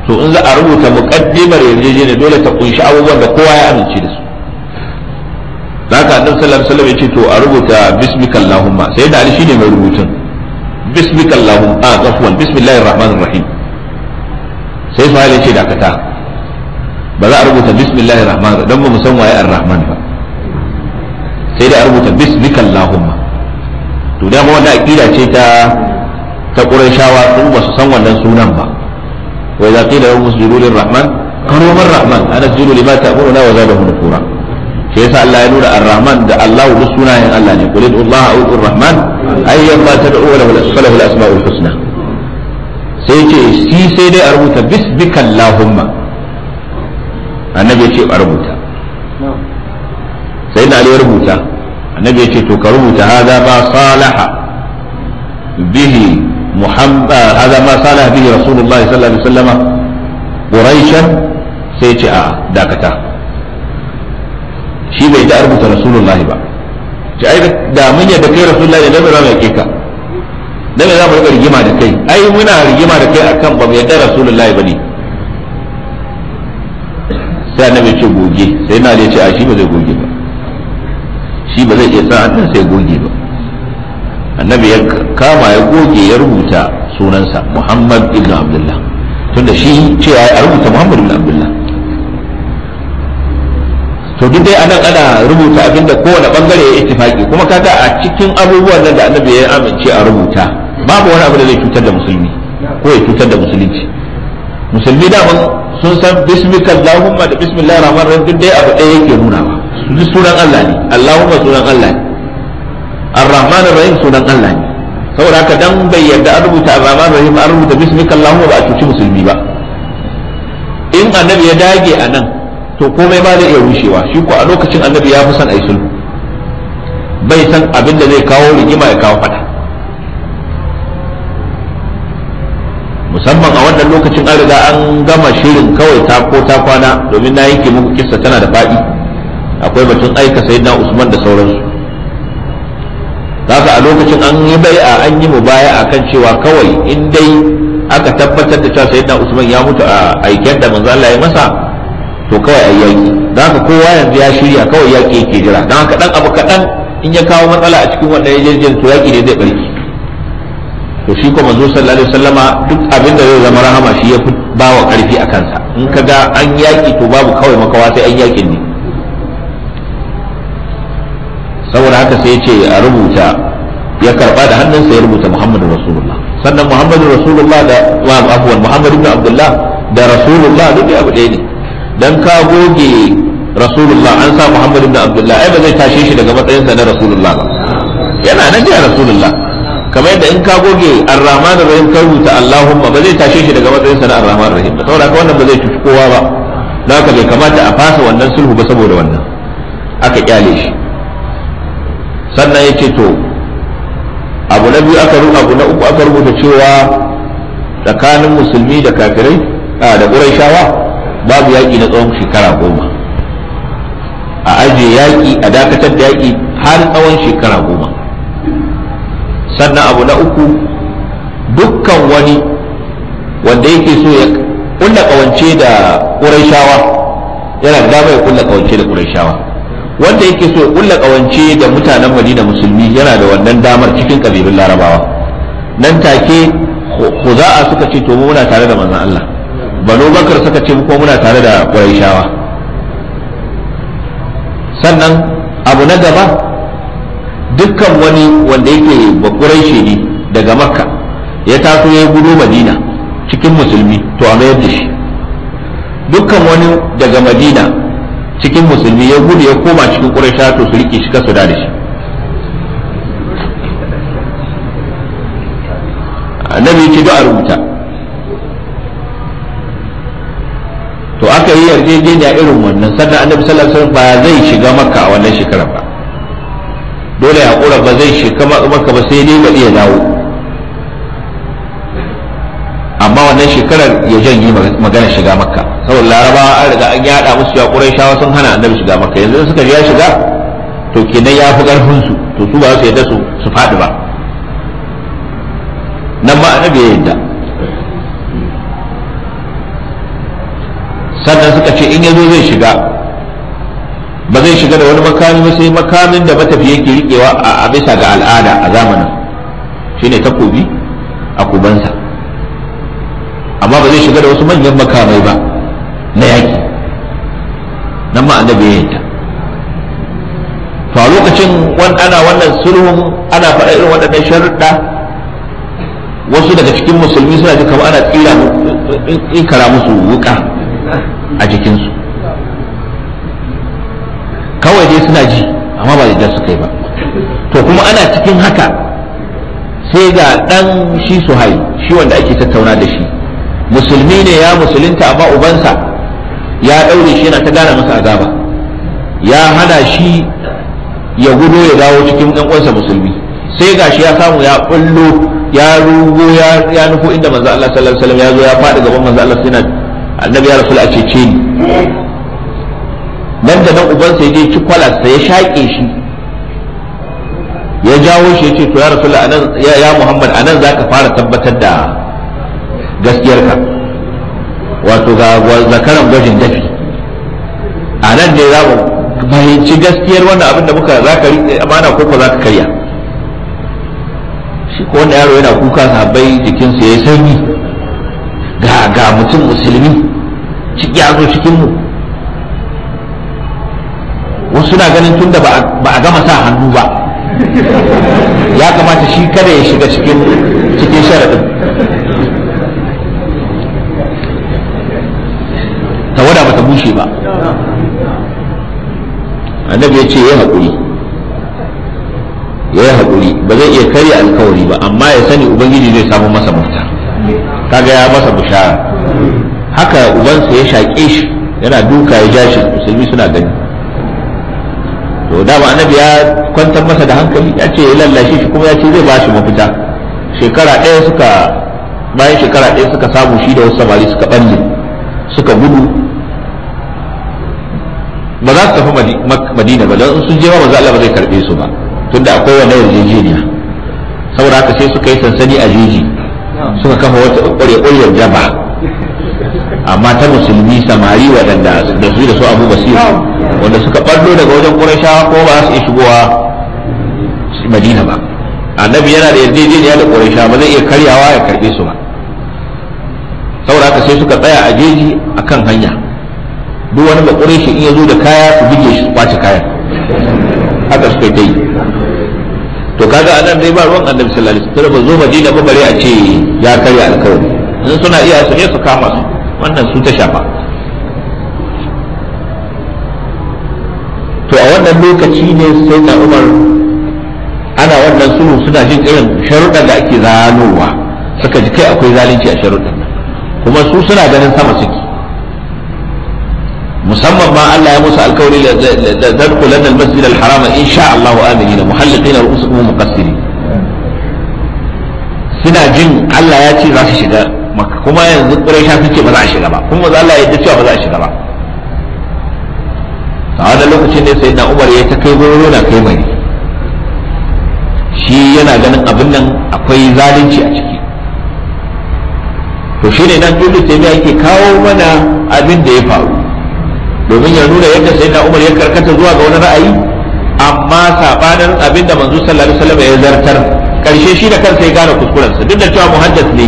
to in za a rubuta muqaddimar yarjejeniya dole ta kunshi abubuwan da kowa ya amince da su haka annabi sallallahu alaihi wasallam ce to a rubuta bismikallahumma sai da ali shine mai rubutun bismikallahumma a ah, afwan bismillahir rahmanir rahim sai su hali ce dakata ba za a rubuta bismillahir rahmanir rahim dan ba mu san waye ar-rahman ba sai da a rubuta bismikallahumma to dama wanda aqida ce ta ta shawa sun ba su san wannan sunan ba wa idza qila lahum usjudu lirrahman qalu man rahman ana sujudu lima ta'muruna wa zadahum nufura shi yasa Allah ya nuna ar-rahman da Allah duk sunayen Allah ne qul Allah au ar-rahman ayyan ma da lahu al-asmaa'ul asmaul husna sai ce shi sai dai a rubuta bisbika allahumma annabi ya ce a rubuta sai da ya rubuta annabi ya ce to ka rubuta hada ma salaha bihi muhammad ah, hada ma salaha bihi rasulullah sallallahu alaihi wasallama quraishan sai ce a dakata shi bai da rubuta rasulullahi ba ce ai da mun yadda kai rasulullahi da zama mai ka dan za mu riga rigima da kai ai muna rigima da kai akan ba mai yadda ba ne. sai annabi ce goge sai na da ce a shi ba zai goge ba shi ba zai iya sa hannun sai goge ba annabi ya kama ya goge ya rubuta sunansa muhammad ibn abdullah tunda shi cewa ya rubuta muhammad ibn abdullah to duk dai anan ana rubuta abinda kowane bangare ya ittifaki kuma kaga a cikin abubuwan nan da annabi ya amince a rubuta babu wani abu da zai cutar da musulmi ko ya cutar da musulunci musulmi da sun san bismillah allahumma da bismillah rahman rahim duk dai abu ɗaya yake nuna ba duk sunan Allah ne Allahumma sunan Allah ne Ar-Rahman Ar-Rahim sunan Allah ne saboda haka dan bai yarda an rubuta Ar-Rahman Ar-Rahim an rubuta bismika Allahumma ba a cuci musulmi ba in annabi ya dage a nan to komai ba zai iya rushewa shi ko a lokacin annabi ya fi son ai sulhu bai san abin da zai kawo rigima ya kawo fada musamman a wannan lokacin an riga an gama shirin kawai ta ko ta kwana domin na yanke muku kissa tana da faɗi akwai batun aika na usman da sauransu haka a lokacin an yi a an yi mubaya akan cewa kawai in dai aka tabbatar da cewa na usman ya mutu a aiken da manzo Allah ya masa to kawai ai yaki haka kowa yanzu ya shirya kawai yaki yake jira dan haka dan abu kadan in ya kawo matsala a cikin wannan yarjejin to yaki ne zai barki to shi kuma manzo sallallahu alaihi wasallama duk abin da zai zama rahama shi ya fi bawa karfi a kansa in kaga an yaki to babu kawai makawa sai an yakin ne saboda haka sai ya ce a rubuta ya karba da hannunsa ya rubuta muhammadu rasulullah sannan muhammadu rasulullah da abubuwan Muhammadin muhammadu abdullah da rasulullah duk abu ɗaya ne dan ka goge rasulullah an sa Muhammadin ibn abdullah ai ba zai tashe shi daga matsayinsa na rasulullah ba yana nan jiya rasulullah kamar yadda in ka goge arrahman rahim ka rubuta allahumma ba zai tashe shi daga matsayinsa na arrahman rahim ba saboda haka wannan ba zai cuci kowa ba don haka bai kamata a fasa wannan sulhu ba saboda wannan aka kyale shi sannan ya ce to abu na biyu aka abu na uku aka rubuta cewa tsakanin musulmi da kafirai a da ƙurayshawa babu yaƙi na tsawon shekara goma a ajiye yaƙi a dakatar da yaƙi har tsawon shekara goma sannan abu na uku dukkan wani wanda yake so ya kulla ƙawance da ƙurayshawa yana da dama ya kulla ƙawance da ƙurayshawa wanda yake so ya kulla kawance da mutanen madina musulmi yana da wannan damar cikin kabilun larabawa nan take a suka ce to mu muna tare da manzon Allah banu bakar suka ce ko muna tare da quraishawa sannan abu na gaba dukkan wani wanda yake ba quraishi ne daga makka ya taso ya gudu madina cikin musulmi to a mayar da shi dukkan wani daga madina cikin musulmi ya gudu ya koma cikin ƙuraisha to su riƙe shi kasu da shi annabi ya ce duk a rubuta to aka yi yarjejeniya irin wannan sannan annabi sallallahu alaihi wasallam ba zai shiga makka a wannan shekarar ba dole ya kura ba zai shiga makka ba sai dai ba ya dawo amma wannan shekarar ya janye magana shiga makka saboda larabawa an riga an yada musu cewa quraishawa sun hana annabi shiga maka yanzu suka ji ya shiga to kenan ya fi karfin su to su ba su yadda su su fadi ba nan ma annabi ya yadda sannan suka ce in yazo zai shiga ba zai shiga da wani makami ba sai makamin da matafi yake rikewa a bisa ga al'ada a zamanin shine takobi a kubansa amma ba zai shiga da wasu manyan makamai ba na yaƙi nan ma annabi ya yanta to a lokacin ana wannan sulhun ana faɗa irin waɗannan sharuɗa wasu daga cikin musulmi suna ji kamar ana tsira kara musu wuka a jikinsu kawai dai suna ji amma ba da su yi ba to kuma ana cikin haka sai ga ɗan shi suhai shi wanda ake tattauna da shi musulmi ne ya musulunta amma ubansa ya ɗaure shi yana ta gana masa azaba ya hana shi ya gudo ya dawo cikin ɗan uwansa musulmi sai gashi ya samu ya ɓullo ya rugo ya nufo inda manzo Allah sallallahu alaihi wasallam ya zo ya faɗi gaban manzo Allah sai annabi ya rasul a cece ni nan da nan ubansa ya je ci kwalarsa ya shaƙe shi ya jawo shi ya ce to ya rasul ya Muhammad anan zaka fara tabbatar da gaskiyarka wato ga zakaran gwajin dafi a nan ne za mu fahimci gaskiyar wannan abin da muka za ka riƙe amana ko ko za ka karya shi ko wanda yaro yana kuka sabai jikinsu ya yi sanyi ga mutum musulmi ciki ya zo mu wasu na ganin tunda ba a gama sa hannu ba ya kamata shi kada ya shiga cikin cikin sharaɗin ya ce ya haƙuri ya yi haƙuri ba zai iya karya alkawari ba amma ya sani ubangiji zai samu masa mafita kaga ya masa bishara haka ubansa ya shaƙe shi yana duka ya ja shi musulmi suna gani to dama annabi ya kwantar masa da hankali ya ce ya lallashe shi kuma ya ce zai ba shi mafita shekara ɗaya suka bayan shekara ɗaya suka samu shi da wasu samari suka ɓalle suka gudu ba za su tafi madina ba don sun je ba manzo Allah ba zai karbe su ba tunda akwai wani yarjejeniya saboda haka sai suka yi sansani a jeji suka kafa wata ƙwarya-ƙwaryar jaba amma ta musulmi samari waɗanda da su da su abu basir wanda suka ɓallo daga wajen ƙurashawa ko ba su iya shigowa madina ba annabi yana da yarjejeniya da ƙurasha ba zai iya karyawa ya karbe su ba saboda haka sai suka tsaya a jeji akan hanya duk wani bakure shi in ya zo da kaya su bige shi kwace kayan haka suka yi to kaga nan dai ba ruwan annabi sallallahu alaihi wasallam zo madina ba bare a ce ya karya alkawari in suna iya su ne su kama su wannan su ta shafa to a wannan lokaci ne sai na umar ana wannan sulhu suna jin irin sharuɗan da ake zanowa suka ji kai akwai zalunci a sharuɗan kuma su suna ganin sama suke musamman ma Allah ya musu alkawari da dadkulan al-masjid al-haram insha Allah amina muhalliqina su muqassiri suna jin Allah ya ce za su shiga maka kuma yanzu Quraisha ce ba za a shiga ba kuma za Allah ya yarda cewa ba za a shiga ba a wannan lokacin ne sayyidina Umar ya ta kai goro na kai mai shi yana ganin abin nan akwai zalunci a ciki to shine nan dole sai yake kawo mana abin da ya faru domin ya nuna yadda sayyidina Umar ya karkata zuwa ga wani ra'ayi amma sabanin abinda manzo sallallahu alaihi wasallam ya zartar karshe shi da kansa ya gane kuskurensa duk da cewa muhaddas ne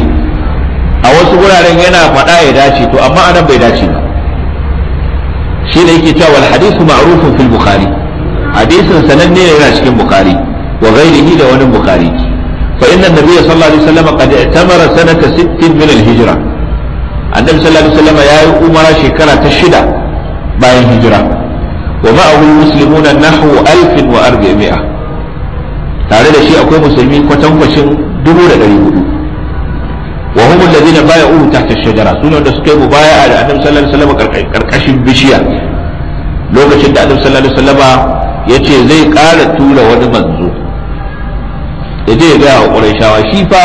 a wasu wuraren yana faɗa ya dace to amma anan bai dace ba shi ne yake cewa alhadisu ma'rufun fil bukhari hadisin sananne ne yana cikin bukhari wa ghairihi da wani bukhari fa inna nabiyya sallallahu alaihi wasallam qad i'tamara sanata 60 min al-hijra annabi sallallahu alaihi wasallam yayi umara shekara ta shida bayan hijira wa ma'ahu muslimuna nahwu alfin wa tare da shi akwai musulmi kwatankwacin dubu da ɗari hudu wa hum alladhina bay'u tahta ash-shajara sunan da suka yi mubaya'a da Annabi sallallahu alaihi wasallam karkashin bishiya lokacin da Annabi sallallahu alaihi wasallam yace zai ƙara tura wani manzo gaya wa ga Qurayshawa shi fa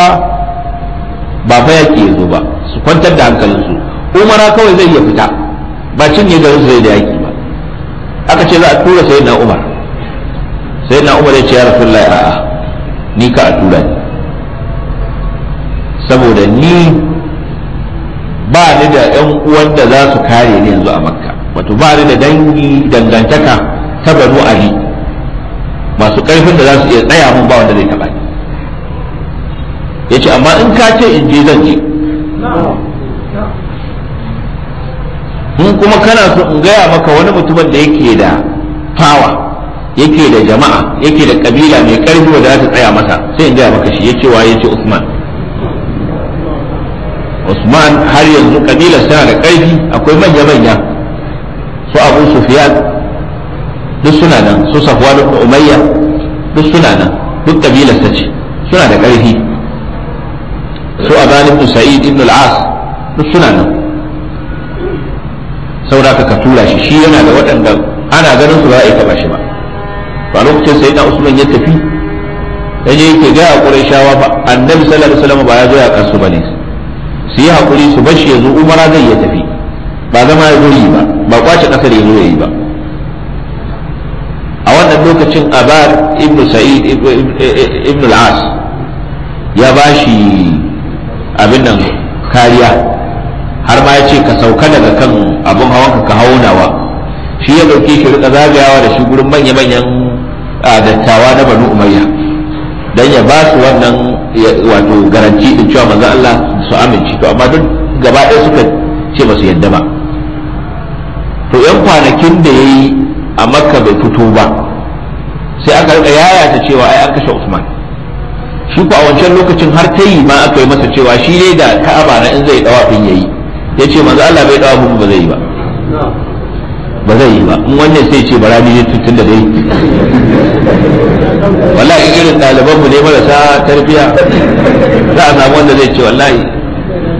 ba fa yake yazo ba su kwantar da hankalinsu umara kawai zai iya fita ba cin cinye garin zai da yaki ba aka ce za a tura sai na umar sai na umar ya ce ya rasu a'a ni ka a tura ni saboda ni ba ni da yan uwan da za su kare ni yanzu a makka wato ba ni da dangi dangantaka ta banu ali masu karfin da za su iya tsaya mun ba wanda zai taba ni ya ce amma in ka ce in je zan je in kuma kana so in gaya maka wani mutumin da yake da fawa yake da jama'a yake da kabila mai karfi wanda za ta tsaya masa sai in gaya maka shi yace wa yace Usman Usman har yanzu kabila suna da karfi akwai manya manya su Abu Sufyan duk suna nan su Safwan ibn Umayya duk suna nan duk kabilar ta ce suna da karfi su Aban ibn Sa'id ibn al-As duk suna nan saura ka tura shi shi yana da waɗanda ana ganin su ba za a yi taɓa shi ba ba lokacin sai na usman ya tafi dan ke ga a shawa ba annabi sallallahu alaihi wasallam ba ya zo ya kasu bane su yi hakuri su bashi yazo umara zai ya tafi ba zama ya yi ba ba kwace kasar ya zo yayi ba a wannan lokacin abar ibn sa'id ibn al-as ya bashi abin nan kariya har ma ya ce ka sauka daga kan abin hawanka ka haunawa shi ya dauke shi rika zagayawa da shi gurin manya-manyan dattawa na banu umayya dan ya ba su wannan wato garanti din cewa manzo Allah su amince to amma duk gaba ɗaya suka ce ba su yadda ba to yan kwanakin da yayi a makka bai fito ba sai aka rika yayata cewa ai an kashe Usman shi ko a wancan lokacin har ta yi ma aka yi masa cewa shi ne da ka'aba na in zai dawafin yayi ya ce manzo Allah bai dawo muku ba zai yi ba ba zai yi ba in wannan sai ce barani ne tutun da dai wallahi irin ɗaliban mu ne marasa tarbiya za a samu wanda zai ce wallahi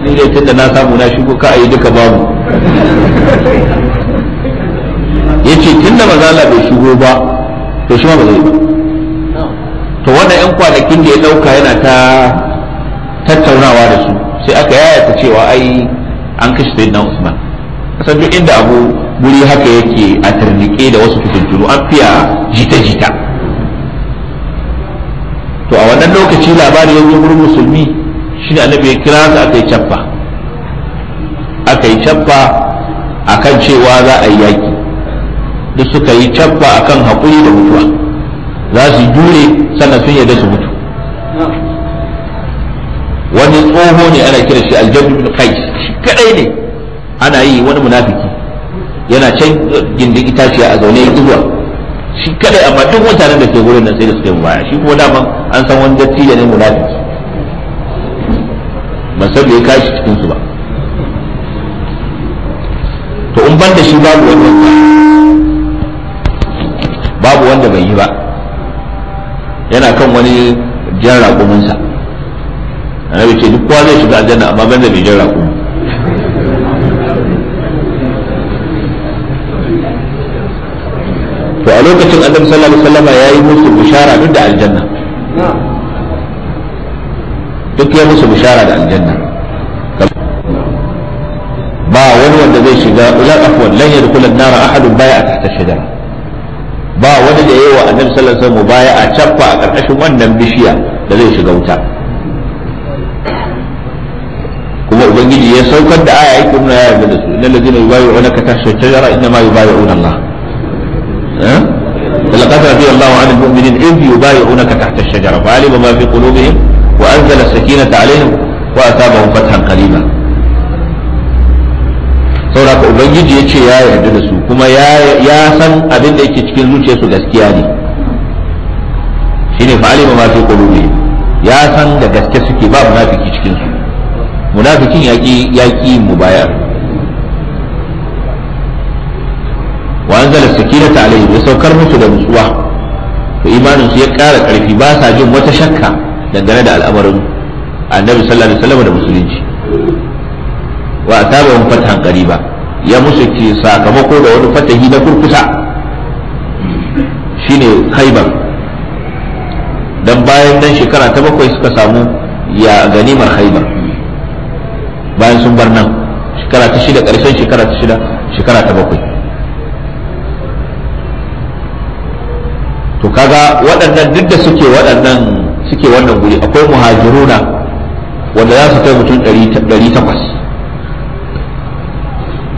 ni dai tun da na samu na shigo ka ayi duka babu yace tun da maza Allah bai shigo ba to shi ma ba zai yi to wannan yan kwanakin da ya dauka yana ta tattaunawa da su sai aka yayata cewa ai an kashe sayyidina usman kasan duk inda abu guri haka yake a tarnike da wasu fitintunu an fiya jita-jita to a wannan lokaci labari yanzu wurin musulmi shi da annabi ya kira su aka yi cappa aka yi cappa akan cewa za a yi yaki duk suka yi cappa akan haƙuri da mutuwa za su jure sannan sun yarda su mutu wani tsoho ne ana kira shi aljabdu bin qais kadai ne ana yi wani munafiki yana can gindin itaciya a zaune izuwa shi kadai amma duk mutanen da ke gurin nan sai da suka yi baya shi kuma daman an san wani dattijo ne munafiki ba san da ya kashi cikin su ba to in ban da shi babu wanda babu wanda bai yi ba yana kan wani jan raƙuminsa annabi ce duk kowa zai shiga aljanna amma banda bai jan raƙumi to a lokacin annabi sallallahu alaihi ya yi musu bishara duk da aljanna duk ya musu bishara da aljanna ba wani wanda zai shiga la afwan lan yadkhul an-nar ahad baya tahta shajara ba wani da yayi wa annabi sallallahu alaihi wasallam baya a cappa a karkashin wannan bishiya da zai shiga wuta kuma ubangiji ya saukar da aya yake nuna ya yarda da su innal ladina yubayyi'unaka tahta shajara inma yubayyi'una Allah Eh? لقد رضي الله عن المؤمنين إذ يبايعونك تحت الشجرة فعلم ما في قلوبهم وأنزل السكينة عليهم وأثابهم فتحا قريبا sauraka ubangiji ya ce ya yarda da su kuma ya san abin da yake cikin su gaskiya ne shine fa'alima ma fi qulubi ya san da gaske suke ba munafiki cikin su munafikin yaki yaki mubayar wa السكينة عليهم alaihim ya saukar musu da nutsuwa to imanin su ya ƙara ƙarfi ba sa jin wata shakka dangane da al'amarin annabi sallallahu alaihi wasallam da musulunci qariba ya musu ke sakamako da wani fatahi na kurkusa shine khaybar dan bayan nan shekara ta bakwai suka samu ya ganimar khaybar bayan sun bar nan shekara ta shida ƙarshen shekara ta shida shekara ta bakwai to kaga waɗannan duk da suke waɗannan suke wannan guri akwai muhajiruna wanda za su kai mutum ɗari takwas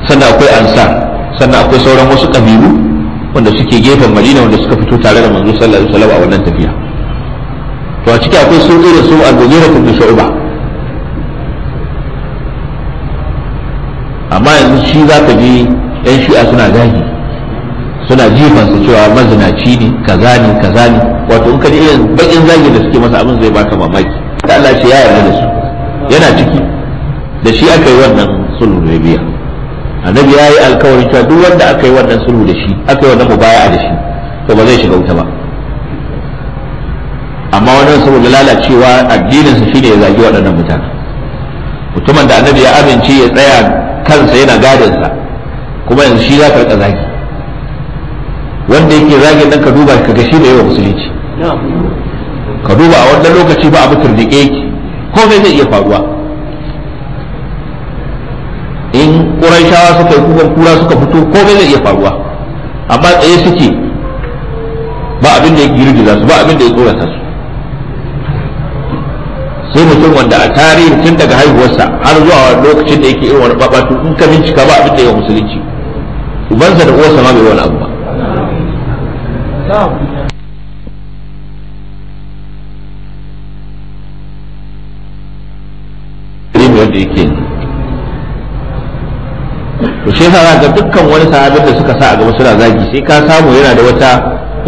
sannan akwai ansar sannan akwai sauran wasu ƙabilu wanda suke gefen madina wanda suka fito tare da manzo sallallahu alaihi wasallam a wannan tafiya to a ciki akwai sun da su al-mughira ibn shu'ba amma yanzu shi za ka ji yan shi'a suna zahiri suna jifan su cewa mazinaci ne kaza ne kaza ne wato in ka ji irin bakin zagi da suke masa abin zai baka mamaki da Allah ce ya yarda da su yana ciki da shi aka yi wannan sulhu da biya annabi ya yi alkawarin cewa duk wanda aka yi wannan sulhu da shi aka yi wannan mubaya'a da shi to ba zai shiga wuta ba amma wannan saboda lalacewa addinin su shine ya zagi waɗannan mutane mutumin da annabi ya amince ya tsaya kansa yana gadinsa kuma yanzu shi za ka rika zagi wanda yake zagin dan ka duba ka gashi da yawa musulunci ka duba a wannan lokaci ba abu turdike yake ko zai iya faruwa in ƙurashawa suka yi kukan kura suka fito ko zai iya faruwa amma tsaye suke ba abin da ya girgiza su ba abin da ya tsorata su sai mutum wanda a tarihi tun daga haihuwarsa har zuwa lokacin da yake irin wani babatu in ka bincika ba abin da ya musulunci ubansa da uwarsa ma bai wani abu da to shi yasa ga dukkan wani sahabin da suka sa a gaba suna zagi sai ka samu yana da wata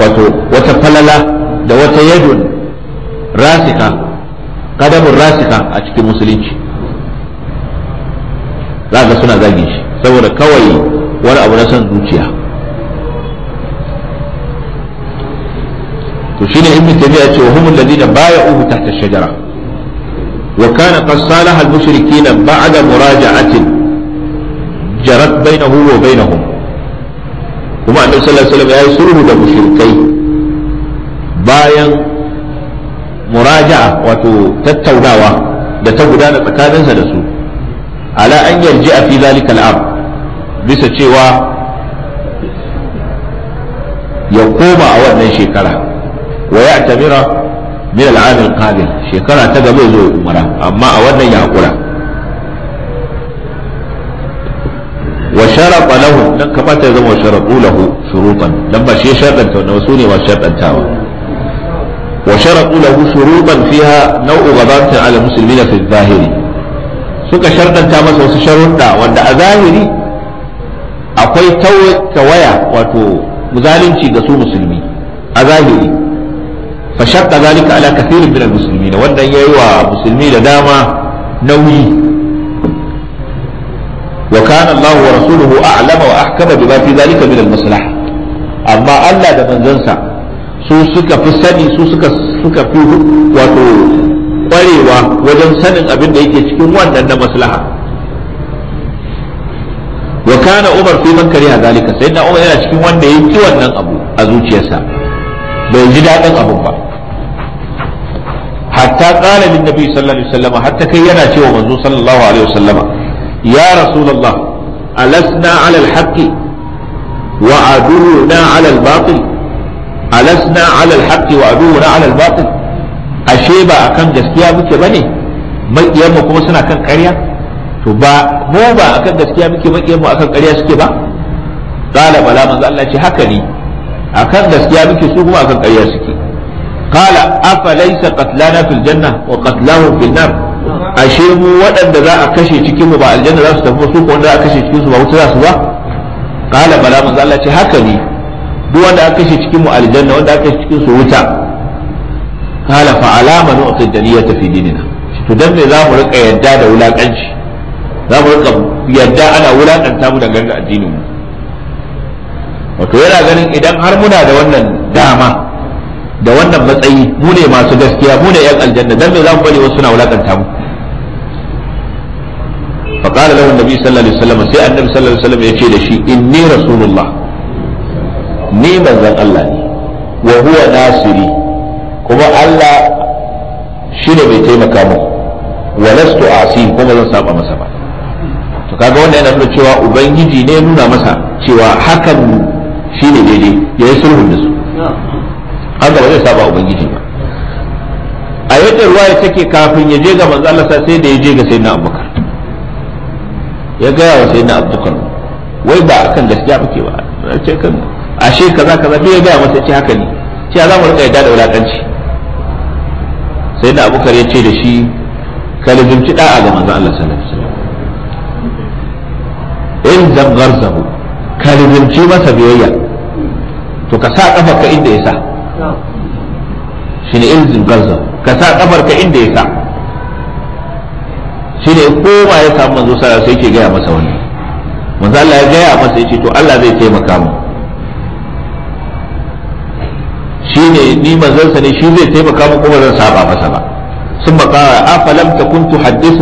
wato wata falala da wata yadon rasika kadamun rasika a cikin musulunci za ga suna zagi shi saboda kawai wani abu na son zuciya to shine ibnu tabi'a ce wa humul ladina bay'uhu tahta shajara wa kana qad salaha al mushrikeena ba'da muraja'atin jarat bainahu wa bainahum kuma annabi sallallahu alaihi wasallam ya yi sulhu da mushrikai bayan muraja'a wato tattaunawa da ta gudana tsakaninsa da su ala an yarji a fi zalika al'am bisa cewa ya koma a wannan shekara wa a tamira min al'am al shekara ta gaba zo umara amma a wannan ya hakura wa sharafa lahu kamata ya zama sharafu lahu shurutan dan ba shi sharɗanta wannan su ne ba sharɗantawa wa sharafu lahu shurutan fiha nau'u ghadabatin ala muslimina zahiri suka sharɗanta masa wasu sharuɗa wanda a zahiri akwai wato zalunci ga su musulmi a zahiri fa shaqqa zalika ala kathirin min al-muslimin wannan yayi wa musulmi da dama nauyi wa kana Allah wa rasuluhu a'lama wa ahkama bima fi zalika min al-maslaha amma Allah da manzansa su suka fi sani su suka fi wato kwarewa wajen sanin abin da yake cikin wannan na maslaha wa kana umar fi man kariha zalika na umar yana cikin wanda yake wannan abu a zuciyarsa bai ji daɗin abun ba hatta qala min nabi sallallahu alaihi wasallam hatta kai yana cewa manzo sallallahu alaihi wasallam ya rasulullah alasna ala alhaqi wa aduna ala albatil alasna ala alhaqi wa aduna ala albatil ashe ba akan gaskiya muke bane makiyan mu kuma suna kan ƙarya to ba mu ba akan gaskiya muke makiyan mu akan ƙarya suke ba qala bala manzo Allah ce haka ne akan gaskiya muke su kuma akan ƙarya suke qala afalaysa qatlana fil janna wa qatlahum fil ashe mu waɗanda za a kashe cikin ba aljanna za tafi su ko wanda za a kashe cikin ba wuta za ba qala bala manzo Allah ce haka ne duk wanda aka kashe cikin aljanna wanda aka kashe cikin wuta qala fa alama nu'ti daniyata fi dinina to dan me za mu za mu yadda ana wulakanta mu dangane da addinin mu wato yana ganin idan har muna da wannan dama da wannan matsayi mu ne masu gaskiya mu ne yan aljanna dan me za mu bari wasu suna wulakanta mu fa qala lahu annabi sallallahu alaihi wasallam sai annabi sallallahu alaihi wasallam ya ce da shi inni rasulullah ni manzon Allah ne wa huwa nasiri kuma Allah shi ne bai taimaka mu wa lastu asi kuma zan saba masa ba to kaga wannan yana nuna cewa ubangiji ne nuna masa cewa hakan shi ne daidai ya yi sulhun da su haka ba zai saba ubangiji ba a yadda ya take kafin ya je ga manzo sai da ya je ga na Abubakar ya gaya wa na Abubakar wai ba akan gaskiya ke ba a ce kan A ashe kaza kaza bai gaya masa ce haka ne ce za mu rika yadda da wulakanci na Abubakar ya ce da shi ka lazimci da'a ga manzo Allah sallallahu alaihi wasallam in zabgarzahu ka lazimci masa biyayya to ka sa kafa ka inda ya sa shi ne irzin gaza ka sa kabar ka inda ya sa shi ne kowa ya samu manzo sallallahu sai ke gaya masa wani manzo Allah ya gaya masa ya ce to Allah zai taimaka mu shi ne ni manzansa ne shi zai taimaka mu kuma zan saba masa ba sun baka a falam ta kun tu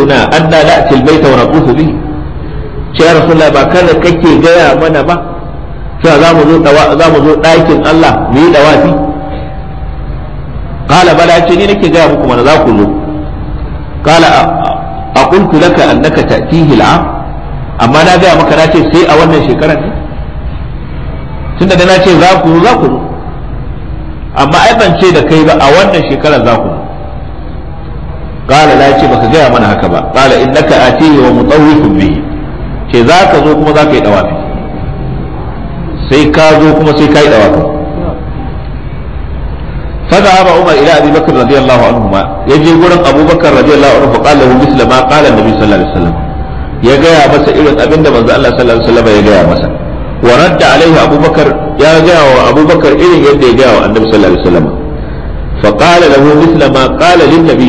na an da la'atil bai ta wani kusu ce ya rasu ba kada kake gaya mana ba za mu zo ɗakin Allah mu yi ɗawafi qala bala ce ni nake gaya muku mana za ku zo kala a kuntu laka annaka ta'tihi al'am amma na gaya maka na ce sai a wannan shekarar ne tunda da na ce za ku zo za ku zo amma ai ban ce da kai ba a wannan shekarar za ku zo kala la ce baka gaya mana haka ba qala innaka atihi wa mutawwifun bi ce za ka zo kuma za ka yi dawafi sai ka zo kuma sai ka yi dawafi فذهب عمر الى ابي بكر رضي الله عنهما يجي غورن ابو بكر رضي الله عنه فقال له مثل ما قال النبي صلى الله عليه وسلم ya gaya masa irin abin da manzo Allah sallallahu alaihi ya gaya masa wa radda alaihi abubakar ya gaya wa abubakar irin yadda ya gaya wa annabi sallallahu alaihi wasallam fa qala lahu mithla ma qala lin nabi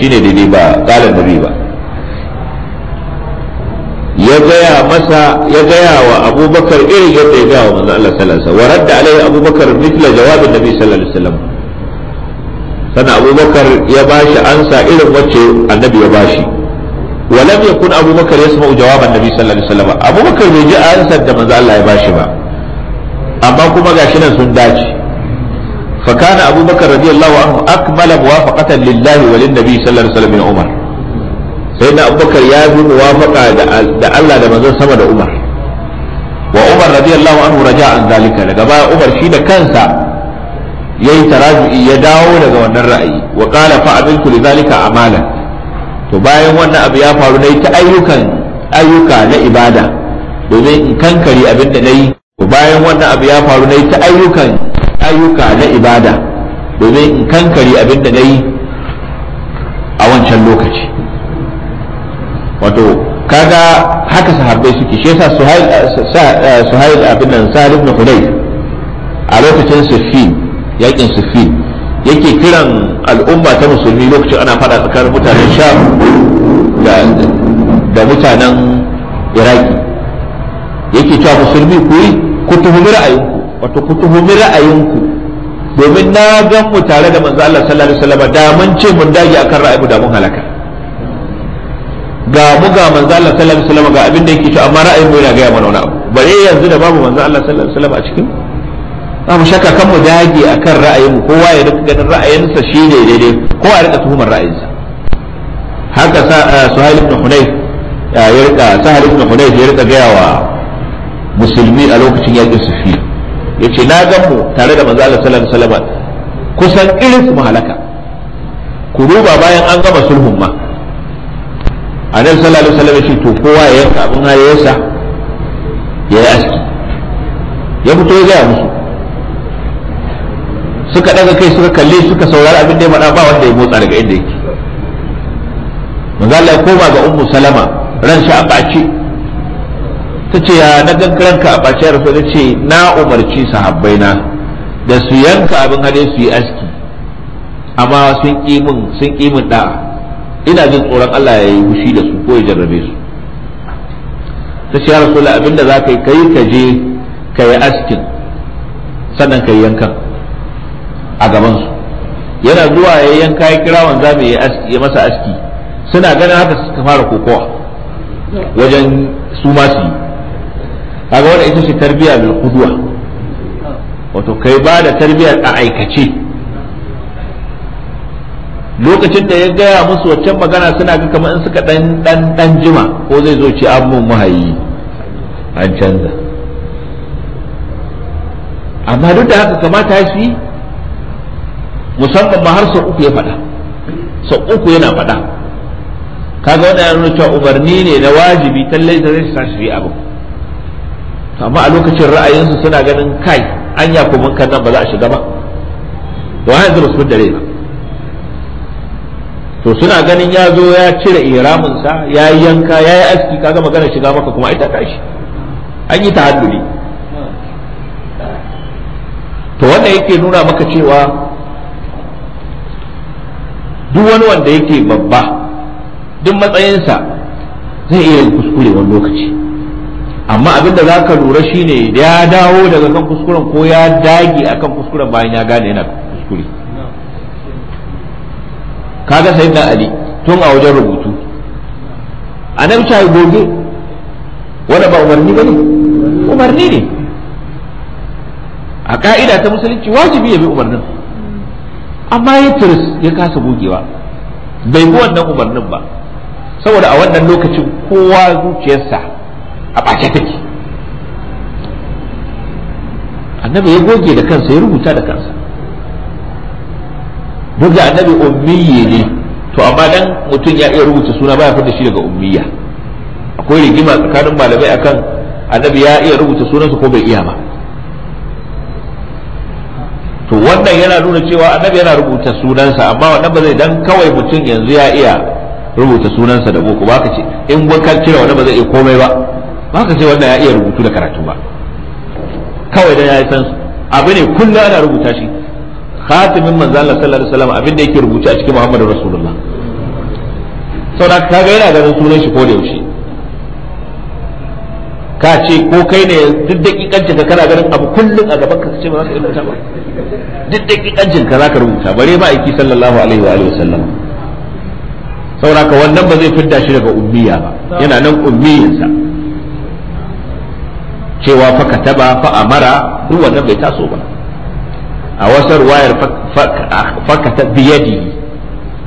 shine daidai ba qala ba ya gaya masa ya gaya wa abubakar irin yadda ya gaya wa manzo Allah sallallahu alaihi wasallam wa radda alaihi abubakar mithla jawabin nabi sallallahu alaihi wasallam sannan abubakar ya bashi ansa irin wacce annabi ya bashi ولم يكن أبو بكر jawaban Nabi النبي صلى الله عليه وسلم أبو بكر da أنسى من ya bashi ba. amma kuma gashi nan sun dace fa kana abubakar radiyallahu anhu akmala muwafaqatan lillahi wa lin nabi sallallahu alaihi wasallam umar sai na abubakar ya bi muwafaka da Allah da manzon sama da Umar wa Umar radiyallahu anhu raja an zalika daga baya Umar shi da kansa yayi taraju'i ya dawo daga wannan ra'ayi wa abin fa abinku a amala to bayan wannan abu ya faru nayi ta ayyukan ayyuka na ibada domin in kankare abin da nayi to bayan wannan abu ya faru nayi ta ayyukan ayyuka na ibada domin in kankare abin da nayi a wancan lokaci wato kaga haka sahabbai suke shi yasa suhail eh, eh, suhail abin nan sa'id ibn hudayr a lokacin siffin yakin siffin yake kiran al'umma ta musulmi lokacin ana fada tsakar mutanen sham da mutanen iraki yake cewa musulmi ku yi ku tuhumi ra'ayinku wato ku tuhumi ra'ayinku domin na gan mu tare da manzo Allah sallallahu alaihi wasallam da mun ce mun dage akan mu, da mun halaka ga mu ga manzo Allah sallallahu alaihi wasallam ga abin da yake to amma ra'ayin mu yana ga mana wani abu bare yanzu da babu manzo Allah sallallahu alaihi wasallam a cikin Ba mu shakka kan mu dage akan ra'ayin mu kowa ya rika ganin ra'ayinsa shine daidai kowa ya rika tuhumar ra'ayinsa haka eh, Suhail ibn Hunayf eh, ya rika Suhail ibn Hunayf ya rika gaya wa musulmi a lokacin yaƙin sufi yace na gan mu tare da manzo Allah sallallahu alaihi wasallam kusan irin su halaka ku duba bayan an gama sulhun ma annabi sallallahu alaihi wasallam shi to kowa ya yanka abin hayayensa ya yi aski ya fito ya gaya musu suka daga kai suka kalle suka saurari abin da ya faɗa ba wanda ya motsa daga inda yake manzo Allah ya koma ga ummu salama ran shi a baci ta ce ya na karanka a baci ya rasu ce na umarci sahabbai na da su yanka abin hade su yi aski amma sun ƙi mun sun ƙi mun da'a ina jin tsoron Allah ya yi hushi da su ko ya jarrabe su ta ce yara kula abinda za ka yi kai ka je ka yi askin sannan ka yi yankan a gaban yana zuwa ya yi yanka ya kira wanda mai ya masa aski suna ganin haka suka fara kokowa wajen su masu yi kaga wannan ita ce tarbiya mai kuduwa wato kai ba da tarbiyya a aikace lokacin da ya gaya musu waccan magana suna ga kamar in suka dan dan dan jima ko zai zo ci an mun an canza amma duk da haka kamata shi musamman ma har sau uku ya faɗa sau uku yana faɗa kaga wannan yana nuna cewa umarni ne na wajibi tallai da zai sa shi abu amma a lokacin ra'ayinsu suna ganin kai anya kuma mun kan nan ba za a shiga ba to yanzu ba su dare ba to suna ganin ya zo ya cire iramin sa ya yi yanka ya yi aski kaga magana shiga maka kuma ita tashi an yi tahalluli to wanda yake nuna maka cewa duk wani wanda yake babba duk matsayinsa zai iya kuskure wani lokaci amma abin da za ka lura shine ya dawo daga kan kuskuren ko ya dage a kan kuskuren bayan ya gane yana kaga sayyidina ali tun a wajen rubutu a nan ta goge wanda ba umarni ba ne umarni ne a ka'ida ta musulunci wajibi ya bi umarnin amma ya tiris ya kasa gogewa bai bi wannan umarnin ba saboda a wannan lokacin kowa zuciyarsa a ɓace take annabi ya goge da kansa ya rubuta da kansa duk da annabi ummiyi ne to amma dan mutum ya iya rubuta suna baya fitar shi daga ummiya akwai rigima tsakanin malamai akan annabi ya iya rubuta sunansa ko bai iya ba to wannan yana nuna cewa annabi yana rubuta sunansa amma wannan ba zai dan kawai mutum yanzu ya iya rubuta sunansa da boko ba ka ce in kan cire wannan ba zai iya komai ba ba ka ce wannan ya iya rubutu da karatu ba kawai dan ya san abu ne kullum ana rubuta shi khatimin manzo Allah sallallahu alaihi wasallam abin da yake rubuce a cikin Muhammadu Rasulullah saboda ga yana ganin sunan shi ko da yaushe ka ce ko kai ne duk dakikancin ka kana ganin abu kullum a gaban ka ce ba za ka rubuta ba duk dakikancin ka za ka rubuta bare ba aiki sallallahu alaihi wa sallam. saboda ka wannan ba zai fidda shi daga ummiya ba yana nan ummiyinsa cewa fa kataba fa amara duk wannan bai taso ba a wasar wayar fakata biyadi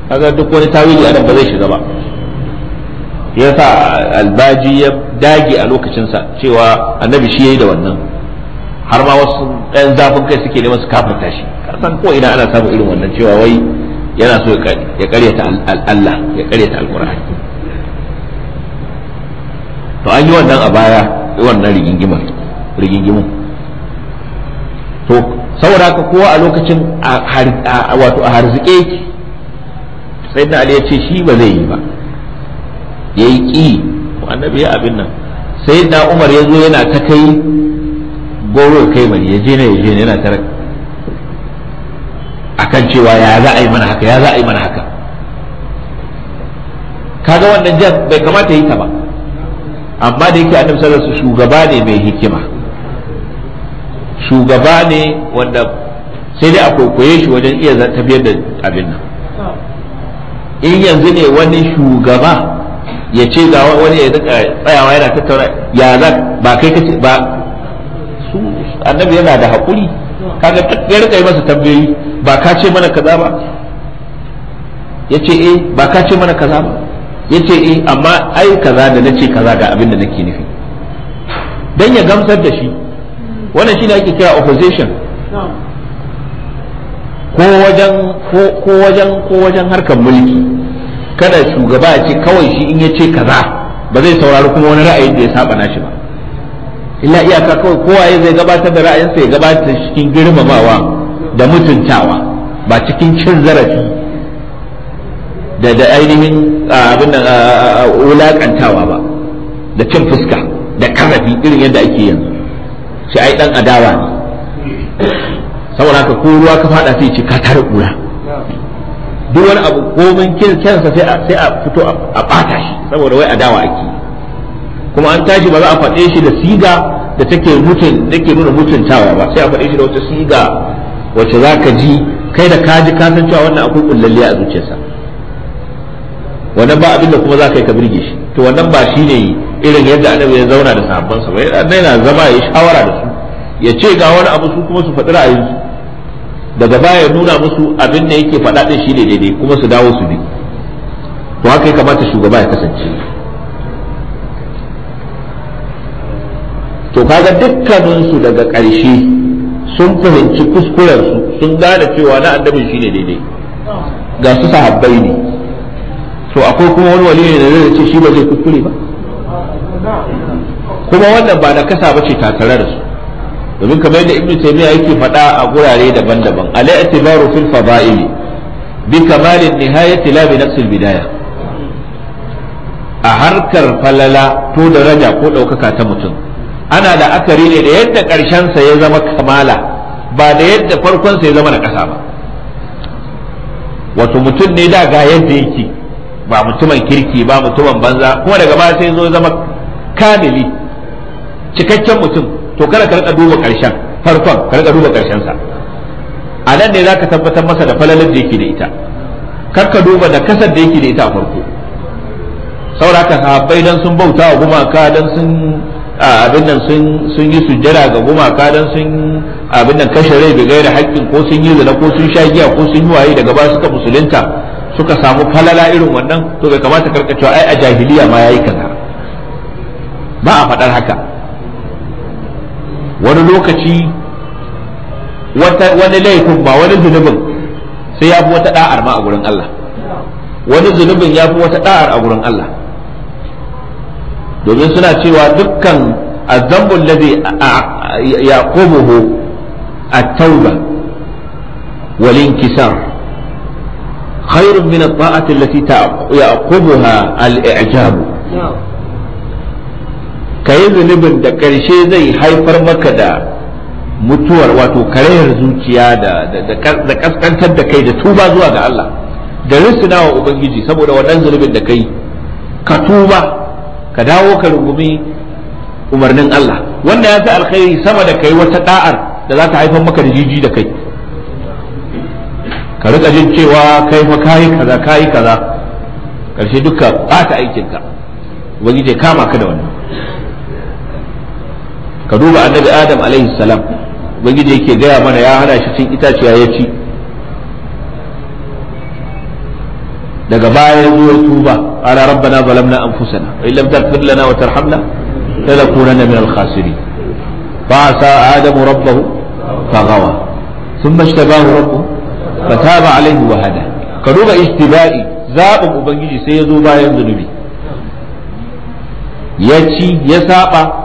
kaga duk wani tawili a ba zai shiga ba ya sa albaji ya dage a lokacinsa cewa annabi shi ya yi da wannan har ma wasu ɗan zafin kai suke neman su kafarta shi san ko ina ana samun irin wannan cewa wai yana so ya karyata Allah ya karyata alkur'ani to an yi wannan a baya wannan rigingimar to saboda haka kowa a lokacin wato a harzike ki sai na ali ya ce shi ba zai yi ba ya yi ƙi annabi ya abin nan sai na umar ya zo yana ta kai goro kai mari ya je ne ya je ne yana tara kan cewa ya za a yi mana haka ya za a yi mana haka kaga wannan jihar bai kamata yi ta ba amma da yake annabi sallallahu alaihi wasallam shugaba ne mai hikima shugaba ne wanda sai dai a kwaikwaye shi wajen iya tafiyar da abin nan in yanzu ne wani shugaba ya ce ga wani ya daga tsayawa yana tattauna ya za ba kai kace ba su annabi yana da haƙuri kaga ya rika yi masa tambayoyi ba ka ce mana kaza ba ya ce eh ba ka ce mana kaza ba ya ce eh amma ai kaza da na ce kaza ga abin da nake nufi dan ya gamsar da shi wannan shine ake kira opposition ko wajen ko wajen ko wajen harkar mulki kada shugaba ya ce kawai shi in ya ce kaza ba zai saurari kuma wani ra'ayin da ya saba nashi ba illa iyaka kawai kowaye zai gabatar da ra'ayinsa ya gabata cikin girmamawa da mutuntawa ba cikin cin zarafi da da ainihin abin da wulakantawa ba da cin fuska da karafi irin yadda ake yanzu shi ai dan adawa ne saboda haka ko ruwa ka fada sai ce ka tare kura duk wani abu komin kin kansa sai a sai a fito a bata shi saboda wai adawa ake kuma an tashi ba za a fade shi da siga da take mutun take nuna mutuntawa ba sai a fade shi da wata siga wacce za ka ji kai da kaji ka san cewa wannan akwai kullalliya a zuciyarsa wannan ba abin da kuma za ka yi ka birge shi to wannan ba shi ne irin yadda annabi ya zauna da sahabbansa ba yana yana zama ya shawara da su ya ce ga wani abu su kuma su faɗi ra'ayin su daga baya ya nuna musu abin da yake faɗa din shine daidai kuma su dawo su bi to haka ya kamata shugaba ya kasance to kaga dukkanin su daga ƙarshe sun fahimci kuskuren su sun gane cewa na annabin shine daidai ga su sahabbai ne to akwai kuma wani wali ne da zai ce shi ba zai kuskure ba kuma wannan ba na kasa bace takara da su domin kamar yadda ibnu taymiya yake faɗa a gurare daban-daban al i'tibaru fil fada'il bi kamal nihayati la bi nafs al bidaya a harkar falala to daraja ko ɗaukaka ta mutum ana da akari ne da yadda ƙarshen sa ya zama kamala ba da yadda farkon sa ya zama na kasa ba wato mutum ne da ga yadda yake ba mutumin kirki ba mutumin banza kuma daga ba sai zo zama kamili cikakken mutum to kada ka rika duba karshen farkon ka rika duba karshen sa a nan ne zaka tabbatar masa da falalar da yake da ita kar ka duba da kasar da yake da ita a farko sauraka sahabbai dan sun bauta wa gumaka dan sun abin nan sun yi sujjara ga gumaka dan sun abin nan kashe rai bai da haƙƙin ko sun yi zina ko sun sha giya ko sun yi waye daga ba suka musulunta suka samu falala irin wannan to bai kamata karkacewa ai a jahiliya ma yayi kaza ba a faɗar haka wani lokaci wani laifin ba wani zunubin sai ya fi wata da'ar ma a gurin Allah wani zunubin ya fi wata da'ar a gurin Allah domin suna cewa dukkan azambun ladhi yaqumuhu at-tauba wal inkisar خير من الطاعة التي يعقبها الإعجاب ka yi zunubin da ƙarshe zai haifar maka da mutuwar wato karayar zuciya da kaskantar da kai da tuba zuwa ga Allah da risina wa Ubangiji saboda wannan zunubin da kai ka tuba ka dawo ka rungumi umarnin Allah wanda ya fi alkhairi sama da kai wata da'ar da za ta haifar maka da jiji da kai ka rika jin cewa kai fa kayi kaza kayi kaza karshe duka bata aikinka ubangiji kama ka da wannan ka duba annabi adam alaihi salam ubangiji yake gaya mana ya hana shi cin itaciya ya ci daga baya ya zo ya tuba ana rabbana zalamna anfusana wa illam taghfir lana wa tarhamna lanakunanna min al-khasirin fa sa adamu rabbahu faghawa thumma ishtabahu rabbuhu fataba alaihi wa hada ka duba istiba'i zaɓin ubangiji sai ya zo bayan zunubi ya ci ya saba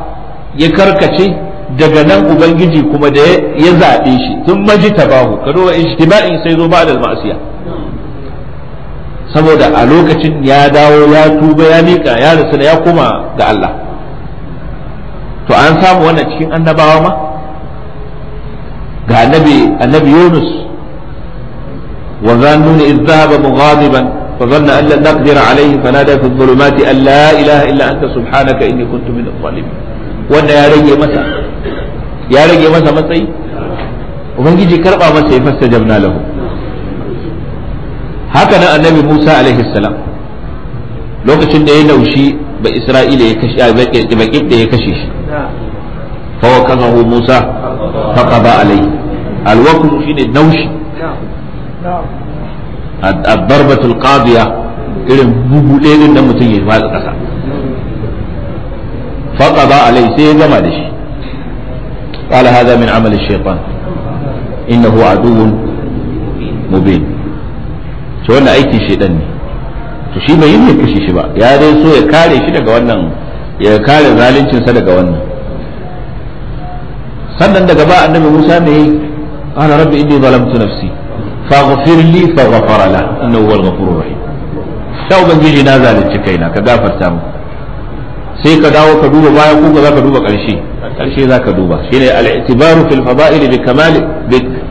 ya karkace daga nan ubangiji kuma da ya zaɓe shi tun maji tabahu ka duba ijtiba'in sai zo ba'da masiya saboda a lokacin ya dawo ya tuba ya miƙa ya rasu ya koma ga Allah to an samu wannan cikin annabawa ma ga annabi annabi Yunus wa zannuni idh dhahaba mughadiban فظن أن لن نقدر عليه فنادى في الظلمات أن لا إله anta subhanaka inni إني كنت من الظالمين wanda ya rage masa ya rage masa matsayi ubangiji karba masa ya fassa jabna lahu haka nan annabi Musa alaihi salam lokacin da ya naushi ba Isra'ila ya kashe ba da ya kashe shi fa wakazahu Musa fa qada alaihi alwaqfu shine naushi ad-darbatu al irin bugu ɗaya din mutum ya fadi ƙasa فقضى عليه سيجمع لشي قال هذا من عمل الشيطان إنه عدو مبين شو أنا أيتي شيطان to shi bai yi kashe shi ba ya dai so ya kare shi daga wannan ya kare zaluncinsa daga wannan sannan daga ba annabi Musa ne ana rabbi inni zalamtu nafsi faghfir li faghfara la innahu huwal ghafurur rahim sai ubangiji na zalunci kaina ka gafarta sai ka dawo ka duba bayan ko ka zaka duba karshe karshe zaka duba shine al-i'tibaru fil fada'il bi kamal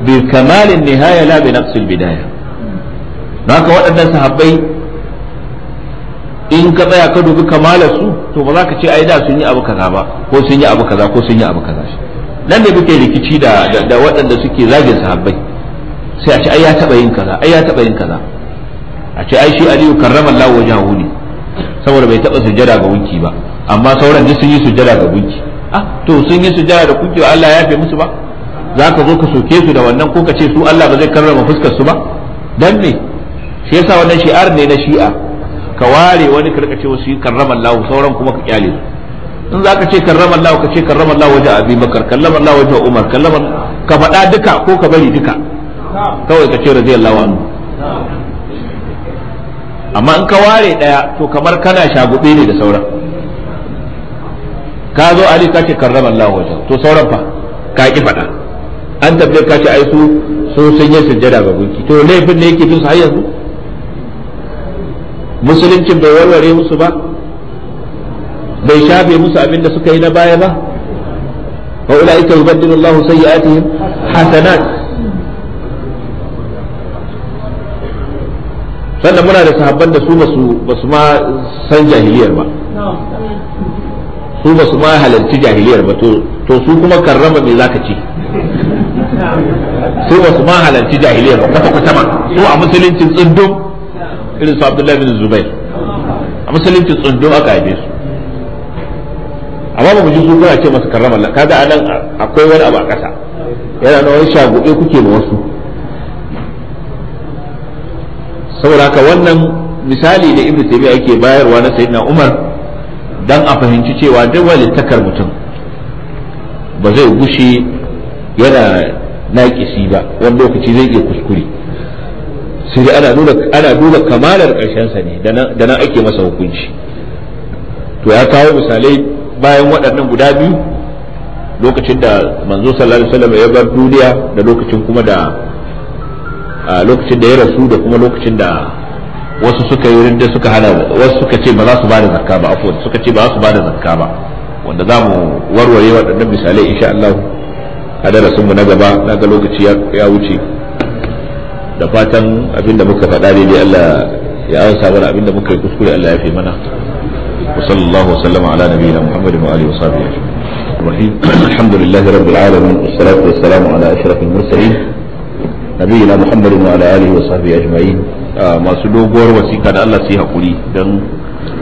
bi kamal an-nihaya la bi naqs al-bidaya haka waɗannan sahabbai in ka tsaya ka dubi kamalar su to ba za ka ce ai da sun yi abu kaza ba ko sun yi abu kaza ko sun yi abu kaza nan da kuke rikici da da waɗanda suke zagin sahabbai sai a ce ai ya taba yin kaza ai ya taba yin kaza a ce ai shi aliyu karramallahu wajhahu ne saboda bai taba sujjada ga wunki ba amma sauran duk sun yi sujjada ga gunki ah to sun yi sujjada da gunki Allah ya fi musu ba za ka zo ka soke su da wannan ko ka ce su Allah ba zai karrama fuskar su ba dan me shi yasa wannan shi'ar ne na shi'a ka ware wani ka rika ce wasu karrama Allah sauran kuma ka kyale su in za ka ce karrama Allah ka ce karrama Allah wajen Abi Bakar kallama Allah wajen Umar kallama ka faɗa duka ko ka bari duka kawai ka ce radiyallahu anhu amma in ka ware daya to kamar kana shagube ne da sauran ka zo ali ka ce karrama Allah to sauran fa ka ki faɗa an tabbatar ka ce ai su su sun yi sujjada ga gunki to laifin ne yake bin su har yanzu musuluncin bai warware musu ba bai shafe musu abin da suka yi na baya ba wa ulaika yubaddilu Allah sayyi'atihim hasanat sannan muna da sahabban da su basu su ma san jahiliyar ba su ba su ma halarci jahiliyar ba to su kuma karrama me zaka ce su ba su ma halarci jahiliyar ba kwata kwata ba su a musuluncin tsundum irin su Abdullahi bin zubai a musuluncin tsundum aka haife su amma ba mu ji su kuna ce masu karrama la kaga anan akwai wani abu a ƙasa yana nawa wani shagube kuke ma wasu saboda haka wannan misali da ibnu Taymiyyah yake bayarwa na Sayyidina Umar dan a fahimci cewa duk takar mutum ba zai gushe yana naƙisi ba wani lokaci zai iya kuskure sai ana nuna ana duba kamalar ƙarshensa ne da nan ake masa hukunci to ya kawo misalai bayan waɗannan guda biyu lokacin da manzo sallallahu alaihi wasallam ya bar duniya da lokacin kuma da lokacin da ya rasu da kuma lokacin da wasu suka yi rinda suka hana wasu suka ce ba za su bada zakka ba afwan suka ce ba za su bada zakka ba wanda za mu warware waɗannan misalai insha Allah a darasin mu na gaba na ga lokaci ya wuce da fatan abinda muka faɗa ne Allah ya ansa mana abinda muka yi kuskure Allah ya fi mana wa sallallahu wa sallama ala nabiyina Muhammadin wa alihi wa sahbihi ajma'in alhamdulillahi rabbil alamin wassalatu wassalamu ala ashrafil mursalin nabiyina Muhammadin wa ala alihi wa sahbihi ajma'in masu doguwar wasiƙa da Allah su yi hakuri don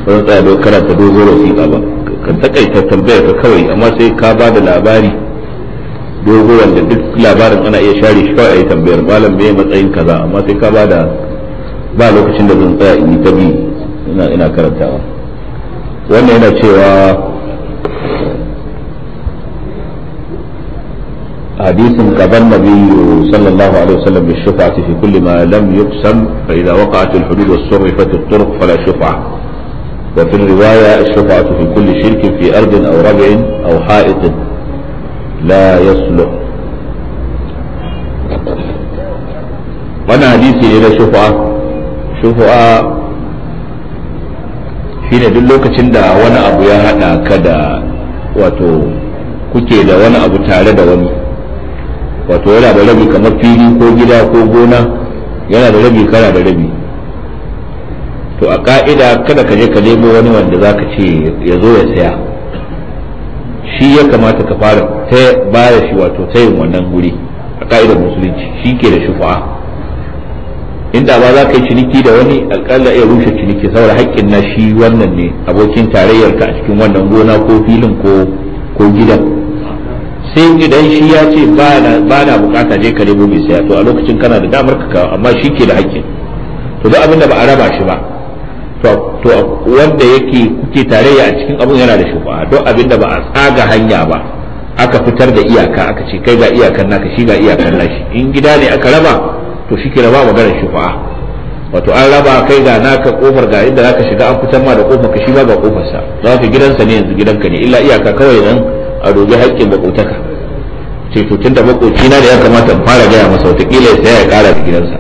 ba zan tsaya don karanta doguwar wasiƙa ba ka takaita tambayar ka kawai amma sai ka ba da labari doguwar da duk labarin ana iya share shi kawai a yi tambayar malam bai matsayin kaza amma sai ka ba da ba lokacin da zan tsaya in yi ta biyu ina karantawa wannan yana cewa حديث قبل النبي صلى الله عليه وسلم بالشفعة في كل ما لم يقسم فإذا وقعت الحدود وصرفت الطرق فلا شفعة وفي الرواية الشفعة في كل شرك في أرض أو ربع أو حائط لا يصلح وانا حديثي إلى شفعة شفعة في duk lokacin وانا wani abu ya haɗa ka da wato kuke da wato yana da rabi kamar fili ko gida ko gona yana da rabi kana da rabi to a ka'ida kada ka je ka nemo wani wanda zaka ce ya zo ya saya shi ya kamata ka fara ta baya shi wato tayin wannan guri a ka'idar musulunci shi ke da shufa inda ba za ka yi ciniki da wani alƙalla iya rushe ciniki saboda haƙƙin na shi wannan ne abokin tarayyarka a cikin wannan gona ko filin ko gidan sai idan shi ya ce ba na bukata je ka nemo mai saya to a lokacin kana da damar ka kawo amma shi ke da hakkin to duk abin da ba a raba shi ba to wanda yake kuke tarayya a cikin abin yana da shubuha don abin da ba a tsaga hanya ba aka fitar da iyaka aka ce kai ga iyakan naka shi ga iyakan nashi in gida ne aka raba to shi ke raba maganar shubuha wato an raba kai ga naka kofar ga inda zaka shiga an fitar ma da kofar ka shi ba ga kofar sa za ka gidansa ne yanzu gidanka ne illa iyaka kawai nan a rogi haƙƙin bakotaka ce to tunda makoci na da ya kamata in fara gaya masa watakila ya ya kara da gidansa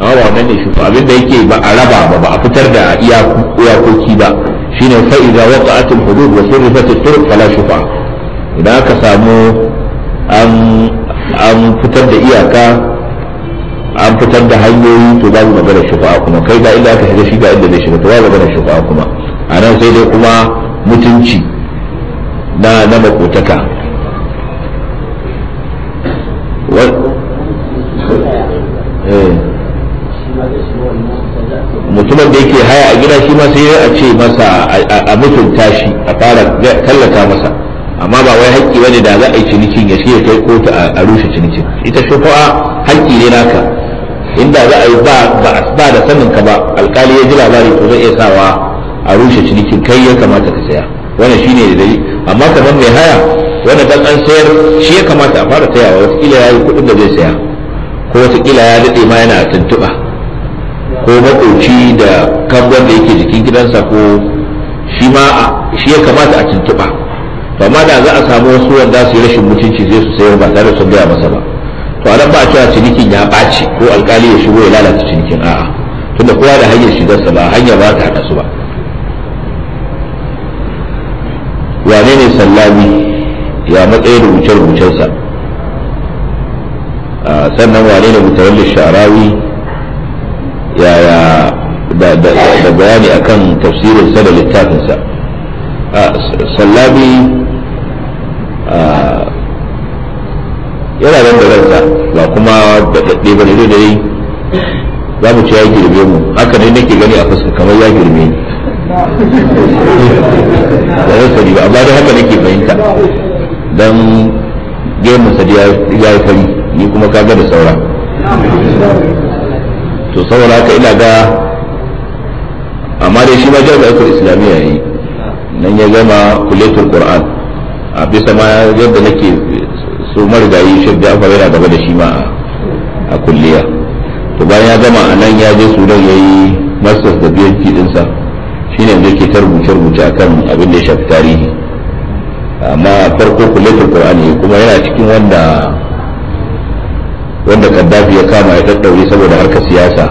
amma ba wannan ne shi abin da yake ba a raba ba ba a fitar da iyakoki ba shine fa idza waqa'atil hudud wa sirfat at-turuq fala shufa idan aka samu an an fitar da iyaka an fitar da hanyoyi to babu maganar shufa kuma kai ba inda aka shiga shi ga inda zai shiga to babu maganar shufa kuma a nan sai dai kuma mutunci na na makotaka Eh. mutumin da yake haya a gida shi ma sai a ce masa a mutunta shi a fara tallata masa amma ba wai haƙƙi bane da za a yi cinikin ya ya kai kotu a rushe cinikin ita shufa'a haƙƙi ne naka inda za a yi ba ba da sanin ka ba alkali ya ji labari ko zai iya sawa a rushe cinikin kai ya kamata ka saya wannan shine da amma kamar mai haya wanda dan an sayar shi ya kamata a fara sayawa wata kila yi kuɗin da zai saya ko wata kila ya dade ma yana tuntuɓa ko makoci da kangon da yake jikin gidansa ko shi ma shi ya kamata a tuntuɓa to amma da za a samu wasu wanda su yi rashin mutunci zai su sayar ba tare da sun gaya masa ba to a ba a cewa cinikin ya ɓaci ko alkali ya shigo ya lalata cinikin a'a tunda kowa da hanyar shigarsa ba hanya ba ta haɗa su ba wane ne sallami ya matsayin rubuce-rubucensa ah, sannan wane ne mutawallin sha'arawi yaya da bayani akan tafsirinsa da littafinsa ah, sallabi ah, yana nan da ransa ba kuma da daɗe ba ne da yi za mu ce ya girbe mu haka ne nake gani a fuska kamar ya girbe ni da ransa ne ba amma dai haka nake fahimta dan gemunsa da ya yi fari ni kuma kaga da saura to saboda haka ina ga amma dai shi ma jami'ar islamiyya yi nan ya gama kuletul qur'an a bisa ma yadda nake so marigayi shi da aka yana gaba da shi ma a kulliya to bayan ya gama a nan ya je sudan ya yi masters da biyan dinsa shine yanzu ke ta rubuce-rubuce akan abin da ya shafi tarihi amma farko kullatul qur'ani kuma yana cikin wanda wanda kaddafi ya kama ya daddaure saboda harkar siyasa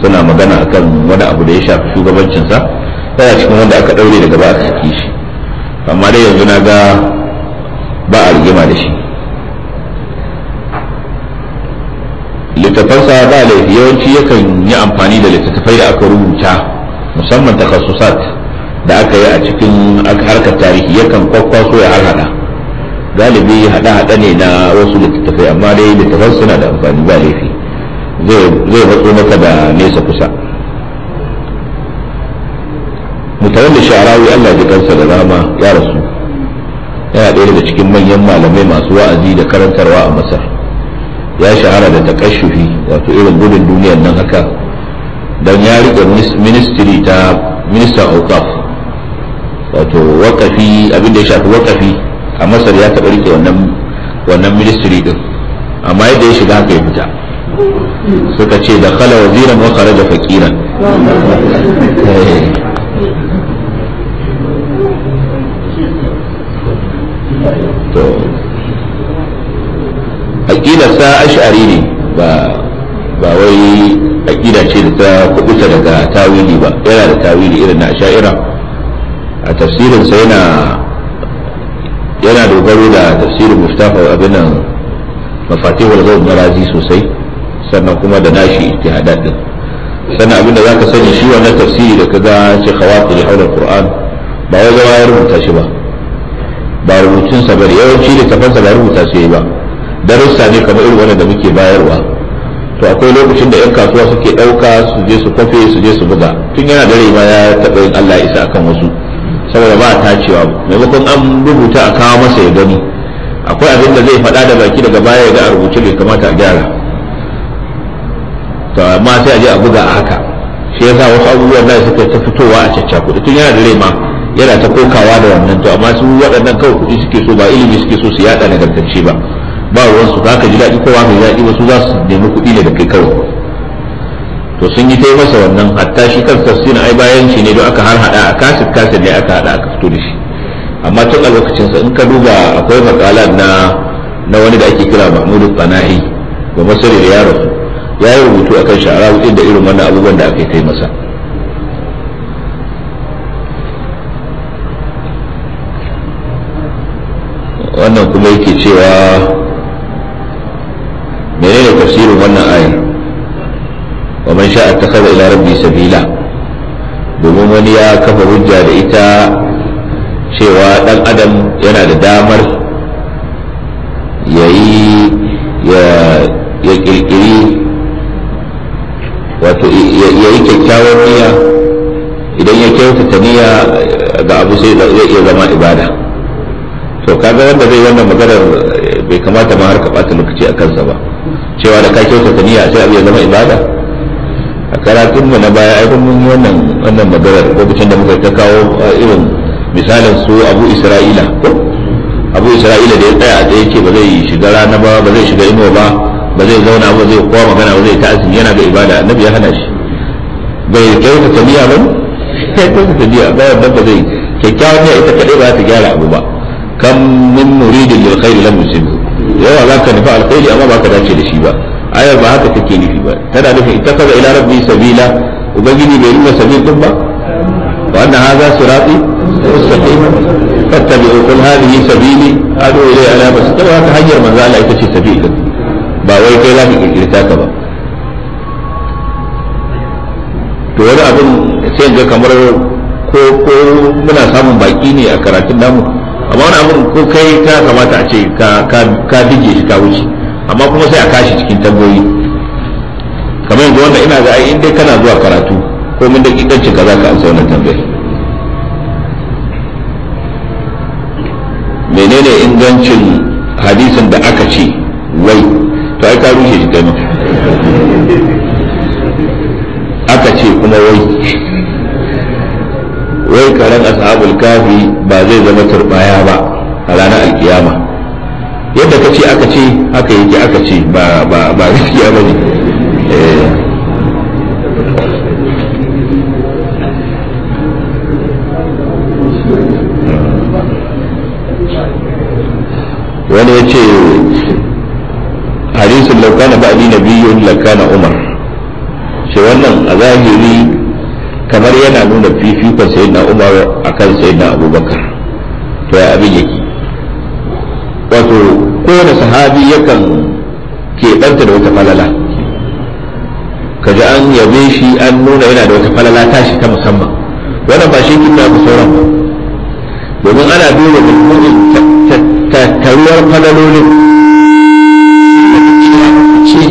suna magana akan wani abu da ya shafi shugabancinsa yana cikin wanda aka daure daga ba aka saki shi amma dai yanzu na ga ba a rigima da shi littafansa ba laifi yawanci yakan yi amfani da littattafai da aka rubuta musamman takasusat. da aka yi a cikin harkar tarihi yakan kwakwaso ya harhaɗa galibi haɗa-haɗa ne na wasu littattafai amma dai littattafan suna da amfani ba laifi zai matso maka da nesa kusa da sha'arawi Allah ji kansa da rama ya rasu yana ɗaya daga cikin manyan malamai masu wa'azi da karantarwa a masar ya shahara da takashufi wato irin gudun duniyar nan haka don ya riƙe ministry ta ministan aukaf wato wakafi abin ya shafi wakafi a masar ya taɓa rike wannan ministry din amma yadda ya shiga haka ya fita suka ce da kala waziran wa kharaja faqiran to aqida sa ash'ari ne ba ba wai aqida ce da ta kubuta daga tawili ba yana da tawili irin na sha'ira a tafsirin sa yana yana dogaro da tafsirin muftafa abin nan mafatihul ghaib na razi sosai sannan kuma da nashi ijtihadat din sannan abin da zaka sani shi wannan tafsiri da kaga ce khawatir haula qur'an ba wai zama ya rubuta shi ba ba rubutun sa bane yawanci da tafansa ba rubuta shi ba darussa ne kamar irin wannan da muke bayarwa to akwai lokacin da 'yan kasuwa suke ɗauka su je su kwafe su je su buga tun yana dare ma ya taɓa yin Allah isa akan wasu saboda ba ta cewa maimakon an rubuta a kawo masa ya gani akwai abin da zai faɗa da baki daga baya ga a rubuce bai kamata a gyara to amma sai a je a buga a haka shi yasa wasu abubuwan da suka ta fitowa a cacca kuɗi tun yana da rai yana ta kokawa da wannan to amma su waɗannan kawai kuɗi suke so ba ilimi suke so su yaɗa nagartacce ba ba ruwansu za ka ji daɗi kowa mai daɗi wasu za su nemi kuɗi ne da kai kawai to sun yi tai masa wannan hatta shi kan tafsirin ai bayan shi ne don aka har hada a kasir kasir ne aka hada aka fito da shi amma tun a lokacin sa in ka duba akwai makalan na na wani da ake kira Mahmudu Qana'i ga Masar da yaro ya yi rubutu akan sha'ara din da irin wannan abubuwan da aka kai masa wannan kuma yake cewa menene tafsirin wannan ayin wa man sha'a takhadha ila rabbi sabila domin wani ya kafa hujja da ita cewa dan adam yana da damar yayi ya ya kirkiri wato yayi kyakkyawan niyya idan ya kyautata niyya ga abu sai zai iya zama ibada to kaga wanda zai wannan maganar bai kamata ma har ka bata lokaci a kansa ba cewa da ka kyautata niyya sai abu ya zama ibada karatun mu na baya ai mun yi wannan wannan maganar lokacin da muka ta kawo irin misalin su Abu Isra'ila ko Abu Isra'ila da ya tsaya da yake ba zai shiga rana ba ba zai shiga ino ba ba zai zauna ba zai kowa magana ba zai ta azumi yana da ibada annabi ya hana shi bai kyauta tabiya ba ya ta tabiya ba wanda ba zai kyakkyawa ne ita kadai ba ta gyara abu ba kam min muridin lil khair lam yusib yawa zaka nufa alkhairi amma ba ka dace da shi ba ayar ba haka take nufi ba tana nufin ita kaza ila rabbi sabila ubangiji bai nuna sabil din ba wa anna hadha sirati mustaqim fattabi'u qul hadhihi sabili hadu ila ala bas to haka hanyar manzo Allah ita ce sabil ba wai kai za ka kirkirta ka ba to wani abin sai ga kamar ko ko muna samun baki ne a karatun namu amma wani abin ko kai ta kamata a ce ka ka dige shi ka wuce amma kuma sai a kashi cikin tagoyi kamar yanzu wanda ina ga ai in dai kana zuwa karatu ko mun dakikancin ka za ka amsa wannan tambayar menene ingancin hadisin da aka ce wai to ai ka rushe shi kai aka ce kuma wai wai karen ashabul kafi ba zai zama turbaya ba a ranar alkiyama yadda ka ce aka ce haka yake aka ce ba ba ba ne eh. wani ya ce hadisin laukana ba ni nabiyun laukana umar ce wannan a zahiri kamar yana nuna fifikon na umar akan na abubakar to ya abin yake wato kowane sahabi yakan keɓanta da wata falala kaji an yabe shi an nuna yana da wata falala tashi ta musamman wannan ba shi kin da sauran ba domin ana duba mutumin tattaruwar falalolin ce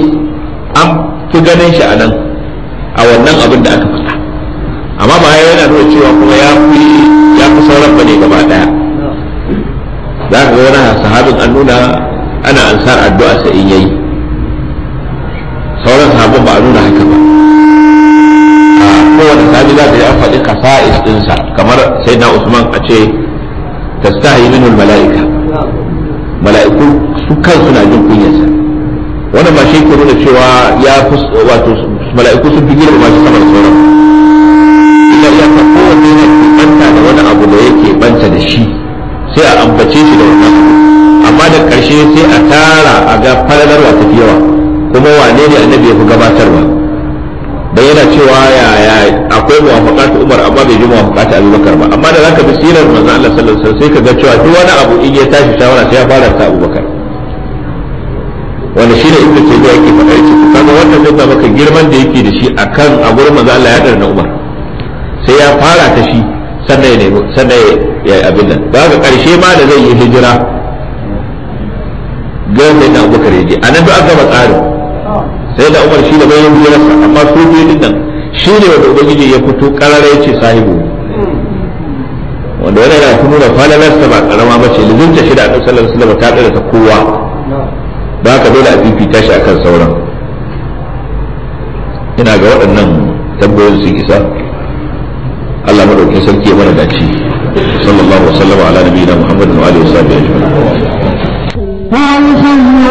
an fi ganin shi a nan a wannan abin da aka faɗa amma ba yana nuna cewa kuma ya fi wani sahabin an nuna ana ansar addu'a sa in yayi sauran sahabin ba a nuna haka ba a kowane sahabi za ta yi an faɗi kasa'is ɗinsa kamar sai na usman a ce tastahi minul mala'ika mala'iku su kan suna jin kunyarsa wannan ba shi ke nuna cewa ya fi wato mala'iku sun fi girma masu samar da sauran ina ya ta kowanne yana banta da wani abu da yake banta da shi ambace shi da wannan amma da karshe sai a tara a ga falalarwa ta yawa kuma wane ne annabi ya fi gabatarwa bai yana cewa yaya akwai ta Umar amma bai ji muwafaqatu Abu Bakar ba amma da zaka bi sirar manzo Allah sallallahu alaihi wasallam sai ka ga cewa duk wani abu in ya tashi shawara sai ya fara ta Abu Bakar wanda shi ne ibn Taymiyyah yake faɗa yake kaga wannan zai ba maka girman da yake da shi akan a gurin manzo Allah ya dar na Umar sai ya fara ta shi sannan ya nemi sannan ya yi abin nan ba ga ƙarshe ma da zai yi hijira gan sai na abubakar ya je a nan ba an gama tsarin sai da umar shi da bayan hijirarsa amma su biyu din nan shi ne wanda ubangiji ya fito ƙarara ya ce sahibu wanda wani yana kuma da falalarsa ba ƙarama ba ce lizinta shi da annabi sallallahu su wasallam ta tsare ta kowa ba ka dole a fifita shi akan sauran ina ga waɗannan tambayoyin sun isa madaukin sarki ya mana dace sallallahu alaihi wa sallam ala nabiyina muhammadin wa alihi wa sahbihi ajma'in